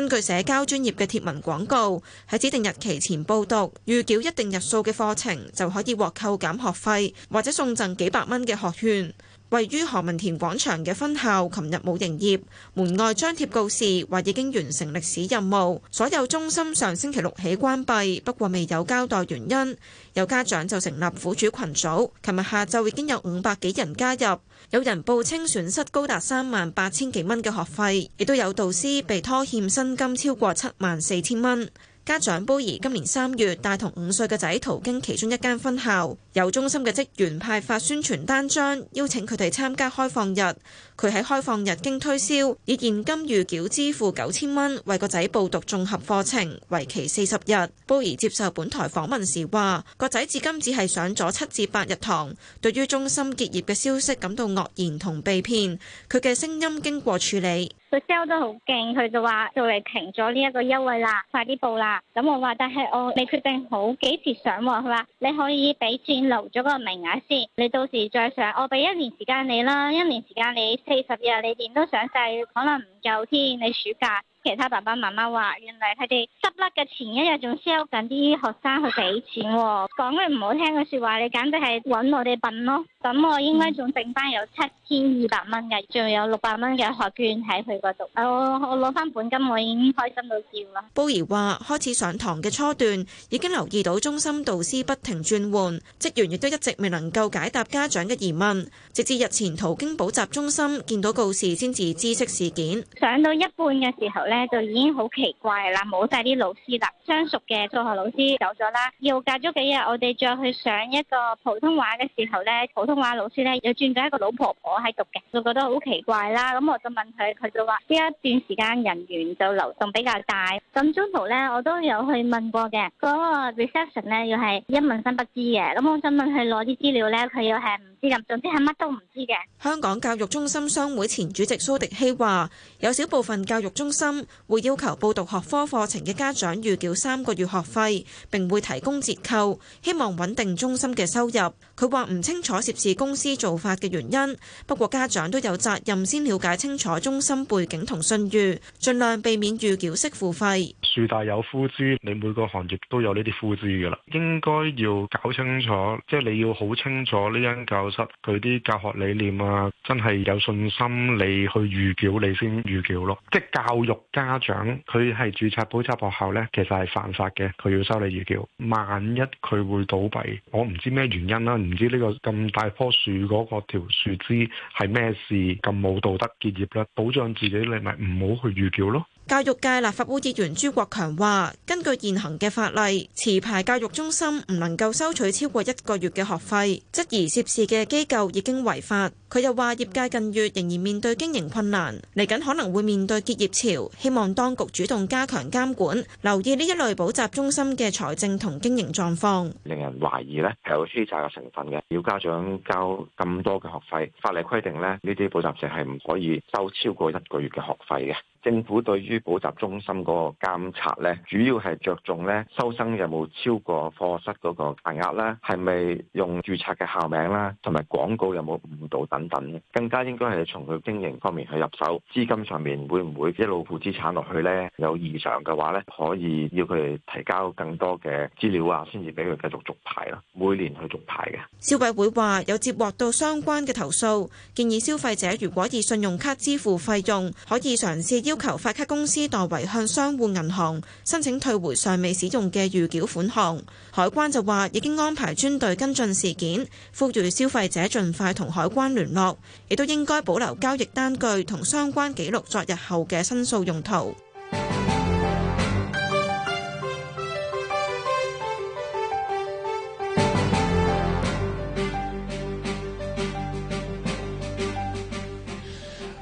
根據社交專業嘅貼文廣告，喺指定日期前報讀，預繳一定日數嘅課程，就可以獲扣減學費，或者送贈幾百蚊嘅學券。位於何文田廣場嘅分校，琴日冇營業，門外張貼告示，話已經完成歷史任務。所有中心上星期六起關閉，不過未有交代原因，有家長就成立苦主群組，琴日下晝已經有五百幾人加入。有人報稱損失高達三萬八千幾蚊嘅學費，亦都有導師被拖欠薪金超過七萬四千蚊。家長波兒今年三月帶同五歲嘅仔途經其中一間分校，由中心嘅職員派發宣傳單張，邀請佢哋參加開放日。佢喺開放日經推銷，以現金預繳支付九千蚊，為個仔報讀綜合課程，為期四十日。波兒接受本台訪問時話，個仔至今只係上咗七至八日堂，對於中心結業嘅消息感到愕然同被騙。佢嘅聲音經過處理。佢 sell 得好勁，佢就話就嚟停咗呢一個優惠啦，快啲報啦！咁我話，但係我未決定好幾時上喎、啊。佢話，你可以俾錢留咗個名額先，你到時再上。我俾一年時間你啦，一年時間你四十日你點都上晒，可能唔夠添，你暑假。其他爸爸媽媽話：原嚟佢哋執笠嘅前一日仲 sell 緊啲學生去俾錢喎。講句唔好聽嘅説話，你簡直係揾我哋笨咯。咁我應該仲剩翻有七千二百蚊嘅，仲有六百蚊嘅學券喺佢嗰度。我我攞翻本金，我已經開心到跳啦。布兒話：開始上堂嘅初段已經留意到中心導師不停轉換，職員亦都一直未能夠解答家長嘅疑問，直至日前途經補習中心見到告示先至知悉事件。上到一半嘅時候咧。就已經好奇怪啦，冇晒啲老師啦，相熟嘅數學老師走咗啦。又隔咗幾日，我哋再去上一個普通話嘅時候呢，普通話老師呢又轉咗一個老婆婆喺度嘅，就覺得好奇怪啦。咁我就問佢，佢就話呢一段時間人員就流動比較大。咁中途呢，我都有去問過嘅，嗰個 reception 呢，又係一問三不知嘅。咁我想問佢攞啲資料呢，佢又係甚至係乜都唔知嘅。香港教育中心商會前主席蘇迪希話，有少部分教育中心會要求報讀學科課程嘅家長預繳三個月學費，並會提供折扣，希望穩定中心嘅收入。佢話唔清楚涉事公司做法嘅原因，不過家長都有責任先了解清楚中心背景同信譽，盡量避免預繳式付費。樹大有枯枝，你每個行業都有呢啲枯枝㗎喇，應該要搞清楚，即係你要好清楚呢間教。佢啲教學理念啊，真係有信心你去預繳，你先預繳咯。即係教育家長，佢係註冊補習學校呢，其實係犯法嘅，佢要收你預繳。萬一佢會倒閉，我唔知咩原因啦、啊，唔知呢個咁大棵樹嗰個條樹枝係咩事，咁冇道德結業啦，保障自己你咪唔好去預繳咯。教育界立法會議員朱國強話，根據現行嘅法例，持牌教育中心唔能夠收取超過一個月嘅學費，質疑涉事嘅機構已經違法。佢又話，業界近月仍然面對經營困難，嚟緊可能會面對結業潮，希望當局主動加強監管，留意呢一類補習中心嘅財政同經營狀況。令人懷疑呢係有欺詐嘅成分嘅，要家長交咁多嘅學費。法例規定呢，呢啲補習社係唔可以收超過一個月嘅學費嘅。政府對於補習中心個監察咧，主要係着重咧收生有冇超過課室嗰個限額啦，係咪用註冊嘅校名啦，同埋廣告有冇誤導等等，更加應該係從佢經營方面去入手。資金上面會唔會一路負資產落去咧？有異常嘅話咧，可以要佢哋提交更多嘅資料啊，先至俾佢繼續續牌咯。每年去續牌嘅。消委會話有接獲到相關嘅投訴，建議消費者如果以信用卡支付費用，可以嘗試。要求發卡公司代為向商戶銀行申請退回尚未使用嘅預繳款項。海關就話已經安排專隊跟進事件，呼籲消費者盡快同海關聯絡，亦都應該保留交易單據同相關記錄作日後嘅申訴用途。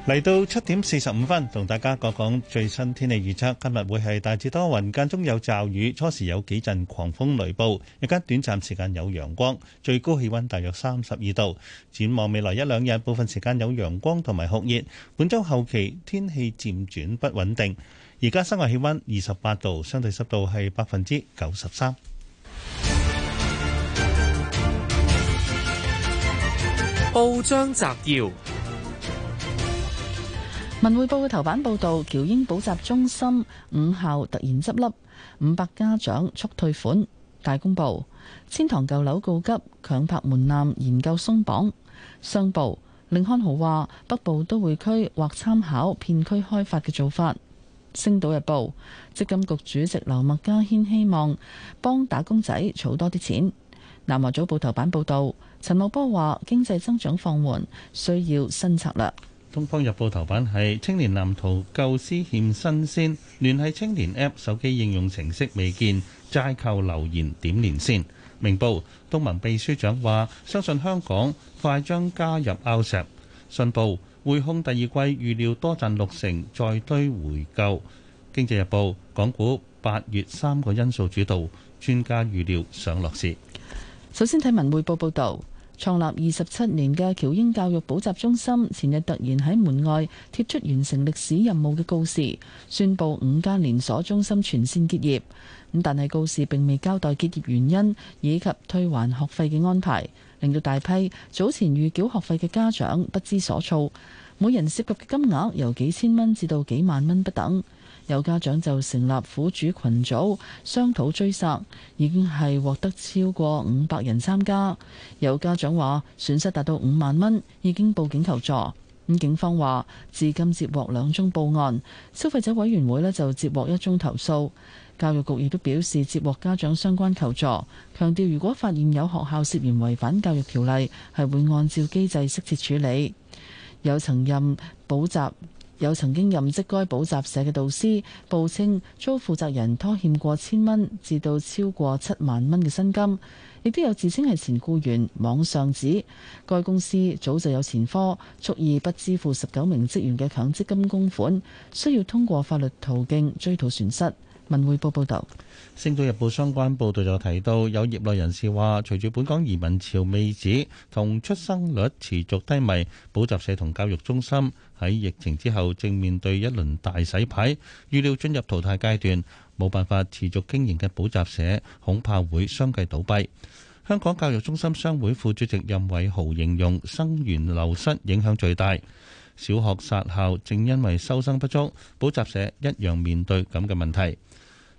嚟到七點四十五分，同大家講講最新天氣預測。今日會係大致多雲，間中有驟雨，初時有幾陣狂風雷暴，日間短暫時間有陽光，最高氣温大約三十二度。展望未來一兩日，部分時間有陽光同埋酷熱。本周後期天氣漸轉不穩定。而家室外氣温二十八度，相對濕度係百分之九十三。報章摘要。文匯報嘅頭版報道：喬英補習中心五校突然執笠，五百家長速退款。大公報：千堂舊樓告急，強拍門檻研究鬆綁。商報：甯漢豪話北部都會區或參考片區開發嘅做法。星島日報：積金局主席劉麥嘉軒希望幫打工仔儲多啲錢。南華早報頭版報道：陳茂波話經濟增長放緩，需要新策略。《東方日報》頭版係青年藍圖舊思欠新鮮，聯繫青年 App 手機應用程式未見債購留言點連線。《明報》東盟秘書長話相信香港快將加入 RCEP。《信報》匯控第二季預料多賺六成，再推回購。《經濟日報》港股八月三個因素主導，專家預料上落市。首先睇《文匯報》報導。創立二十七年嘅喬英教育補習中心，前日突然喺門外貼出完成歷史任務嘅告示，宣布五間連鎖中心全線結業。咁但係告示並未交代結業原因以及退還學費嘅安排，令到大批早前預繳學費嘅家長不知所措。每人涉及嘅金額由幾千蚊至到幾萬蚊不等。有家長就成立苦主群組商討追殺，已經係獲得超過五百人參加。有家長話損失達到五萬蚊，已經報警求助。咁警方話至今接獲兩宗報案，消費者委員會咧就接獲一宗投訴。教育局亦都表示接獲家長相關求助，強調如果發現有學校涉嫌違反教育條例，係會按照機制適切處理。有曾任補習有曾經任職該補習社嘅導師報稱，遭負責人拖欠過千蚊至到超過七萬蚊嘅薪金，亦都有自稱係前僱員，網上指該公司早就有前科，蓄意不支付十九名職員嘅強積金供款，需要通過法律途徑追討損失。文匯報報道，《星島日報》相關報道就提到，有業內人士話，隨住本港移民潮未止，同出生率持續低迷，補習社同教育中心喺疫情之後正面對一輪大洗牌，預料進入淘汰階段。冇辦法持續經營嘅補習社恐怕會相繼倒閉。香港教育中心商會副主席任偉豪形容，生源流失影響最大，小學殺校正因為收生不足，補習社一樣面對咁嘅問題。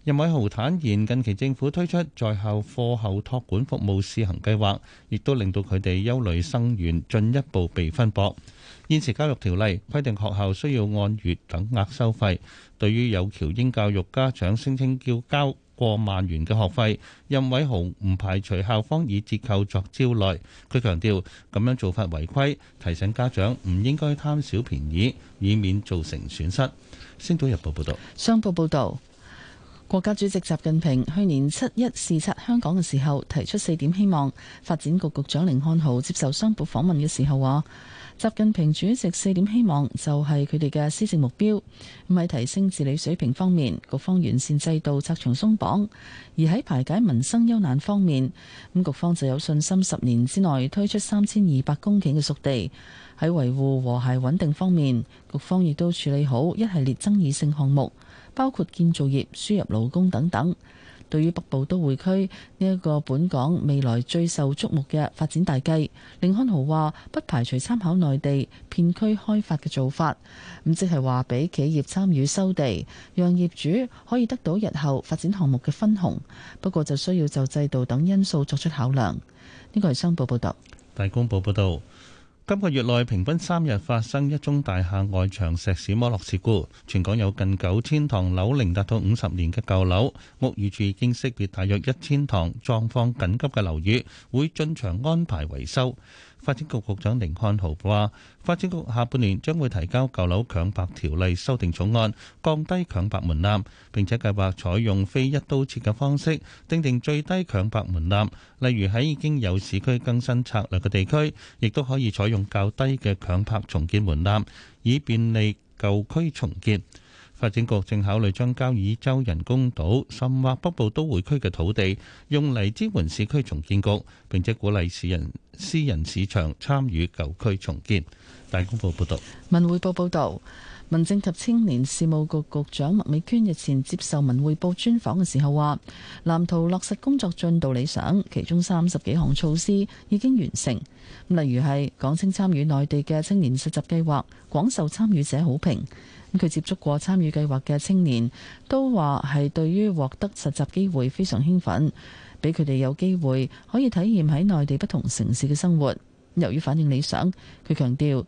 任偉豪坦言，近期政府推出在校、課後託管服務試行計劃，亦都令到佢哋憂慮生源進一步被分薄。現時教育條例規定學校需要按月等額收費，對於有橋英教育家長聲稱要交過萬元嘅學費，任偉豪唔排除校方以折扣作招來。佢強調咁樣做法違規，提醒家長唔應該貪小便宜，以免造成損失。星島日報報道，商報報道。國家主席習近平去年七一視察香港嘅時候提出四點希望，發展局局長甯漢豪接受商報訪問嘅時候話：習近平主席四點希望就係佢哋嘅施政目標。咁喺提升治理水平方面，局方完善制度、拆牆鬆綁；而喺排解民生憂難方面，咁局方就有信心十年之內推出三千二百公頃嘅熟地。喺維護和諧穩定方面，局方亦都處理好一系列爭議性項目。包括建造業、輸入勞工等等。對於北部都會區呢一個本港未來最受矚目嘅發展大計，甯漢豪話不排除參考內地片區開發嘅做法，咁即係話俾企業參與收地，讓業主可以得到日後發展項目嘅分紅，不過就需要就制度等因素作出考量。呢個係商報報道。大公報報導。今個月內平均三日發生一宗大廈外牆石屎剝落事故，全港有近九千幢樓齡達到五十年嘅舊樓，屋宇署已經識別大約一千幢狀況緊急嘅樓宇，會進場安排維修。發展局局長寧漢豪話，發展局下半年將會提交舊樓強拍條例修訂草案，降低強拍門檻，並且計劃採用非一刀切嘅方式，訂定最低強拍門檻。例如喺已經有市區更新策略嘅地區，亦都可以採用較低嘅強拍重建門檻，以便利舊區重建。發展局正考慮將交椅洲人工島、甚或北部都會區嘅土地，用嚟支援市區重建局，並且鼓勵市人。私人市場參與舊區重建。大公報報導，文匯報報導，民政及青年事務局局長麥美娟日前接受文匯報專訪嘅時候話：藍圖落實工作進度理想，其中三十幾項措施已經完成。例如係港青參與內地嘅青年實習計劃，廣受參與者好評。佢接觸過參與計劃嘅青年，都話係對於獲得實習機會非常興奮。俾佢哋有機會可以體驗喺內地不同城市嘅生活。由於反映理想，佢強調，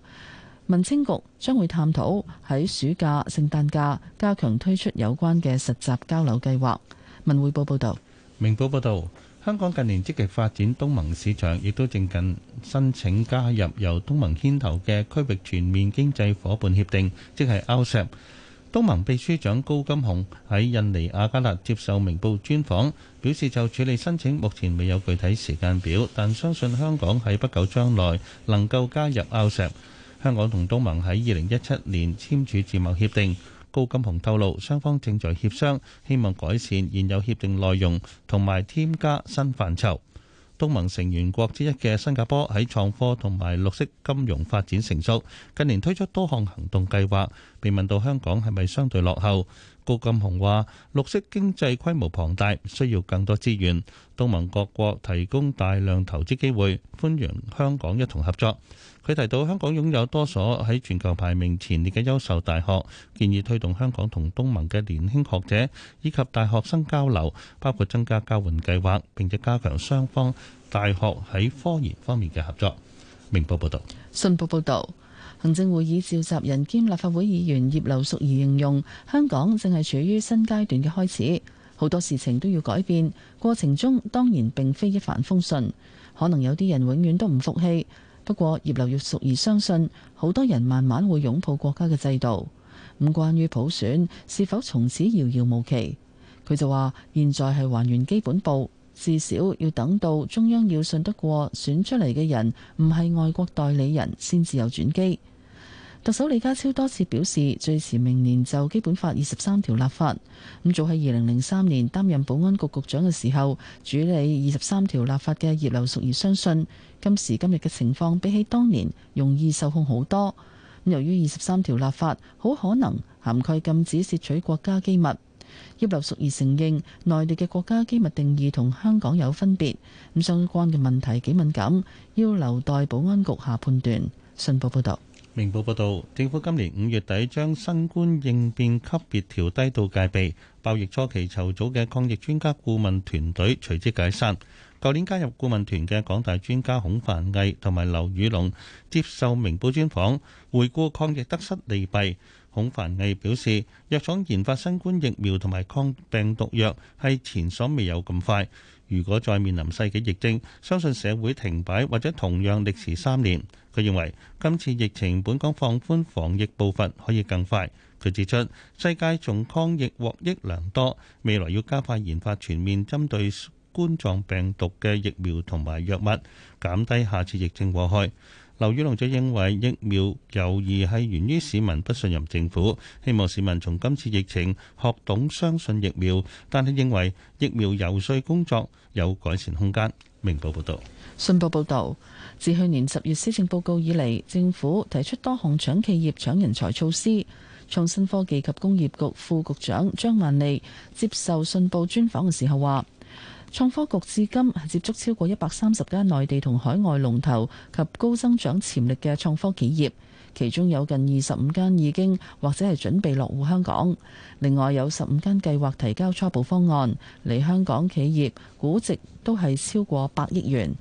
民青局將會探討喺暑假、聖誕假加強推出有關嘅實習交流計劃。文匯報報導，明報報導，香港近年積極發展東盟市場，亦都正緊申請加入由東盟牽頭嘅區域全面經濟夥伴協定，即係 RCEP。東盟秘書長高金洪喺印尼雅加達接受明報專訪，表示就處理申請，目前未有具體時間表，但相信香港喺不久將來能夠加入拗石。香港同東盟喺二零一七年簽署自貿協定，高金洪透露雙方正在協商，希望改善現有協定內容同埋添加新範疇。東盟成員國之一嘅新加坡喺創科同埋綠色金融發展成熟，近年推出多項行動計劃，被問到香港係咪相對落後？郭金雄話：綠色經濟規模龐大，需要更多資源，東盟各國提供大量投資機會，歡迎香港一同合作。佢提到香港擁有多所喺全球排名前列嘅優秀大學，建議推動香港同東盟嘅年輕學者以及大學生交流，包括增加交換計劃，並且加強雙方大學喺科研方面嘅合作。明報報道。信報報導。行政會議召集人兼立法會議員葉劉淑儀形容，香港正係處於新階段嘅開始，好多事情都要改變。過程中當然並非一帆風順，可能有啲人永遠都唔服氣。不過葉劉淑儀相信，好多人慢慢會擁抱國家嘅制度。唔關於普選是否從此遙遙無期，佢就話：現在係還原基本步，至少要等到中央要信得過選出嚟嘅人，唔係外國代理人先至有轉機。特首李家超多次表示，最遲明年就基本法二十三條立法。咁做喺二零零三年擔任保安局局長嘅時候，處理二十三條立法嘅葉劉淑儀相信，今時今日嘅情況比起當年容易受控好多。咁由於二十三條立法好可能涵蓋禁止竊取國家機密，葉劉淑儀承認內地嘅國家機密定義同香港有分別，咁相關嘅問題幾敏感，要留待保安局下判斷，信報報道。明報報導，政府今年五月底將新冠應變級別調低到戒備。爆疫初期籌組嘅抗疫專家顧問團隊隨即解散。舊年加入顧問團嘅港大專家孔繁毅同埋劉宇隆接受明報專訪，回顧抗疫得失利弊。孔繁毅表示，藥廠研發新冠疫苗同埋抗病毒藥係前所未有咁快。如果再面臨世紀疫症，相信社會停擺或者同樣歷時三年。佢認為今次疫情本港放寬防疫步伐可以更快。佢指出，世界從抗疫獲益良多，未來要加快研發全面針對冠狀病毒嘅疫苗同埋藥物，減低下次疫症禍害。劉宇龍就認為疫苗猶疑係源於市民不信任政府，希望市民從今次疫情學懂相信疫苗。但係認為疫苗遊説工作有改善空間。明報報導，信報報導，自去年十月施政報告以嚟，政府提出多項搶企業、搶人才措施。創新科技及工業局副局長張萬利接受信報專訪嘅時候話，創科局至今係接觸超過一百三十間內地同海外龍頭及高增長潛力嘅創科企業。其中有近二十五間已經或者係準備落戶香港，另外有十五間計劃提交初步方案嚟香港。企業估值都係超過百億元。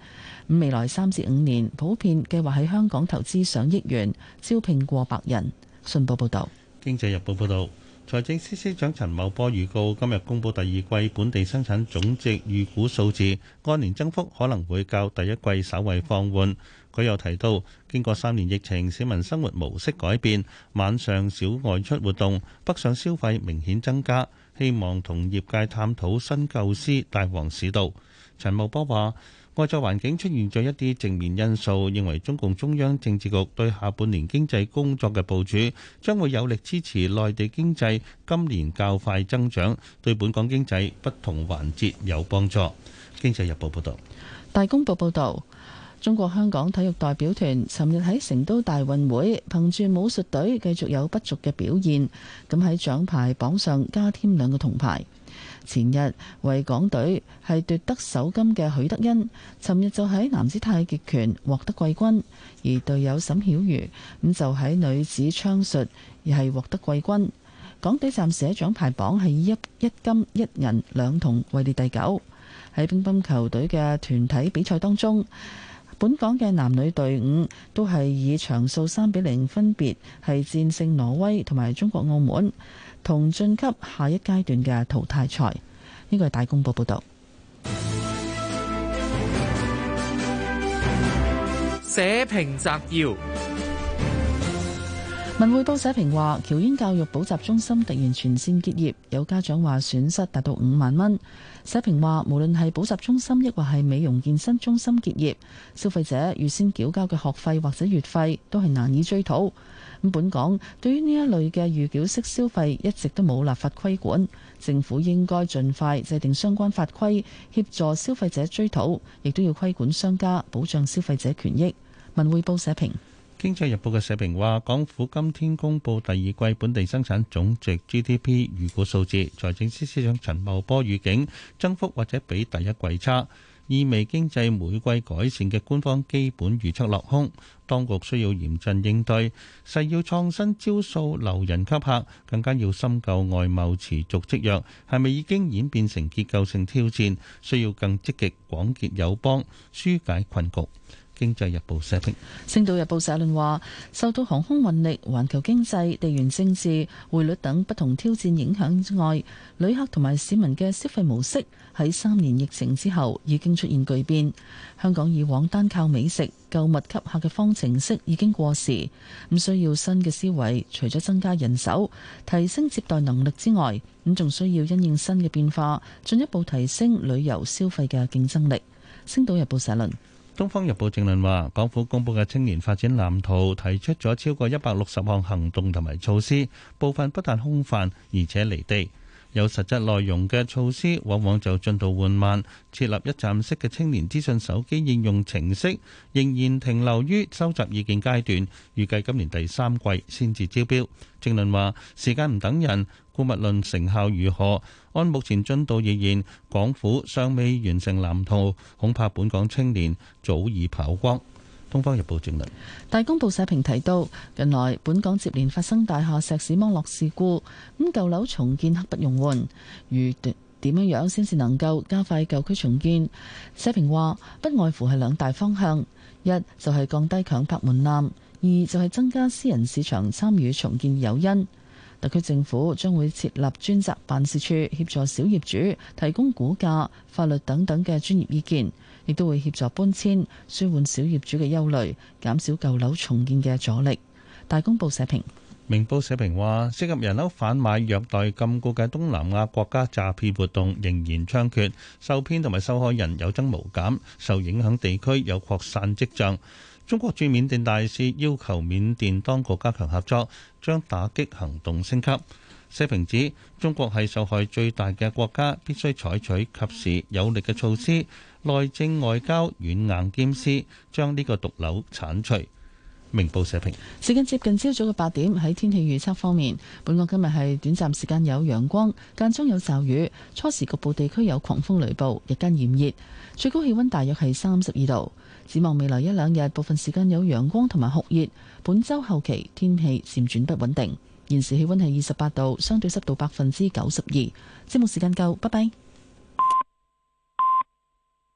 未來三至五年，普遍計劃喺香港投資上億元，招聘過百人。信報報導，《經濟日報》報導，財政司司長陳茂波預告，今日公布第二季本地生產總值預估數字，按年增幅可能會較第一季稍微放緩。佢又提到，經過三年疫情，市民生活模式改變，晚上少外出活動，北上消費明顯增加。希望同業界探討新構思搞旺市道。陳茂波話：外在環境出現咗一啲正面因素，認為中共中央政治局對下半年經濟工作嘅部署，將會有力支持內地經濟今年較快增長，對本港經濟不同環節有幫助。經濟日報報導，大公報報導。中國香港體育代表團尋日喺成都大運會，憑住武術隊繼續有不俗嘅表現，咁喺獎牌榜上加添兩個銅牌。前日為港隊係奪得首金嘅許德恩，尋日就喺男子太極拳獲得季軍，而隊友沈曉瑜咁就喺女子槍術而係獲得季軍。港隊暫時喺獎牌榜係以一一金一銀兩銅位列第九。喺乒乓球隊嘅團體比賽當中。本港嘅男女隊伍都係以場數三比零分別係戰勝挪威同埋中國澳門，同晉級下一階段嘅淘汰賽。呢個係大公報報導。社評摘要：文匯報社評話，喬恩教育補習中心突然全線結業，有家長話損失達到五萬蚊。社評話，無論係補習中心，抑或係美容健身中心結業，消費者預先繳交嘅學費或者月費都係難以追討。咁本港對於呢一類嘅預繳式消費一直都冇立法規管，政府應該盡快制定相關法規，協助消費者追討，亦都要規管商家，保障消費者權益。文匯報社評。《經濟日報》嘅社評話，港府今天公布第二季本地生產總值 GDP 預估數字，財政司司長陳茂波預警增幅或者比第一季差，意味經濟每季改善嘅官方基本預測落空，當局需要嚴陣應對，誓要創新招數留人吸客，更加要深究外貿持續積弱係咪已經演變成結構性挑戰，需要更積極廣結友邦，疏解困局。經濟日報社評，星島日報社論話：受到航空運力、環球經濟、地緣政治、匯率等不同挑戰影響之外，旅客同埋市民嘅消費模式喺三年疫情之後已經出現巨變。香港以往單靠美食、購物吸客嘅方程式已經過時，咁需要新嘅思維。除咗增加人手、提升接待能力之外，咁仲需要因應新嘅變化，進一步提升旅遊消費嘅競爭力。星島日報社論。《東方日報》正論話，港府公布嘅青年發展藍圖提出咗超過一百六十項行動同埋措施，部分不但空泛，而且離地。有實質內容嘅措施，往往就進度緩慢。設立一站式嘅青年資訊手機應用程式，仍然停留於收集意見階段。預計今年第三季先至招標。正論話：時間唔等人，姑勿論成效如何，按目前進度而言，港府尚未完成藍圖，恐怕本港青年早已跑光。《東方日報》整理，大公報社評提到，近來本港接連發生大廈石屎剝落事故，咁舊樓重建刻不容緩。如點樣樣先至能夠加快舊區重建？社評話，不外乎係兩大方向：一就係、是、降低強拍門檻，二就係、是、增加私人市場參與重建誘因。特區政府將會設立專責辦事處，協助小業主提供估價、法律等等嘅專業意見。亦都會協助搬遷，舒緩小業主嘅憂慮，減少舊樓重建嘅阻力。大公報社評。明報社評話：涉及人口販賣、虐待禁錮嘅東南亞國家詐騙活動仍然猖獗，受騙同埋受害人有增無減，受影響地區有擴散跡象。中國駐緬甸大使要求緬甸當局加強合作，將打擊行動升級。社評指中國係受害最大嘅國家，必須採取及時有力嘅措施。內政外交軟硬兼施，將呢個毒瘤鏟除。明報社評。時間接近朝早嘅八點，喺天氣預測方面，本港今日係短暫時間有陽光，間中有驟雨，初時局部地區有狂風雷暴，日間炎熱，最高氣溫大約係三十二度。展望未來一兩日，部分時間有陽光同埋酷熱。本周後期天氣漸轉不穩定。現時氣溫係二十八度，相對濕度百分之九十二。節目時間夠，拜拜。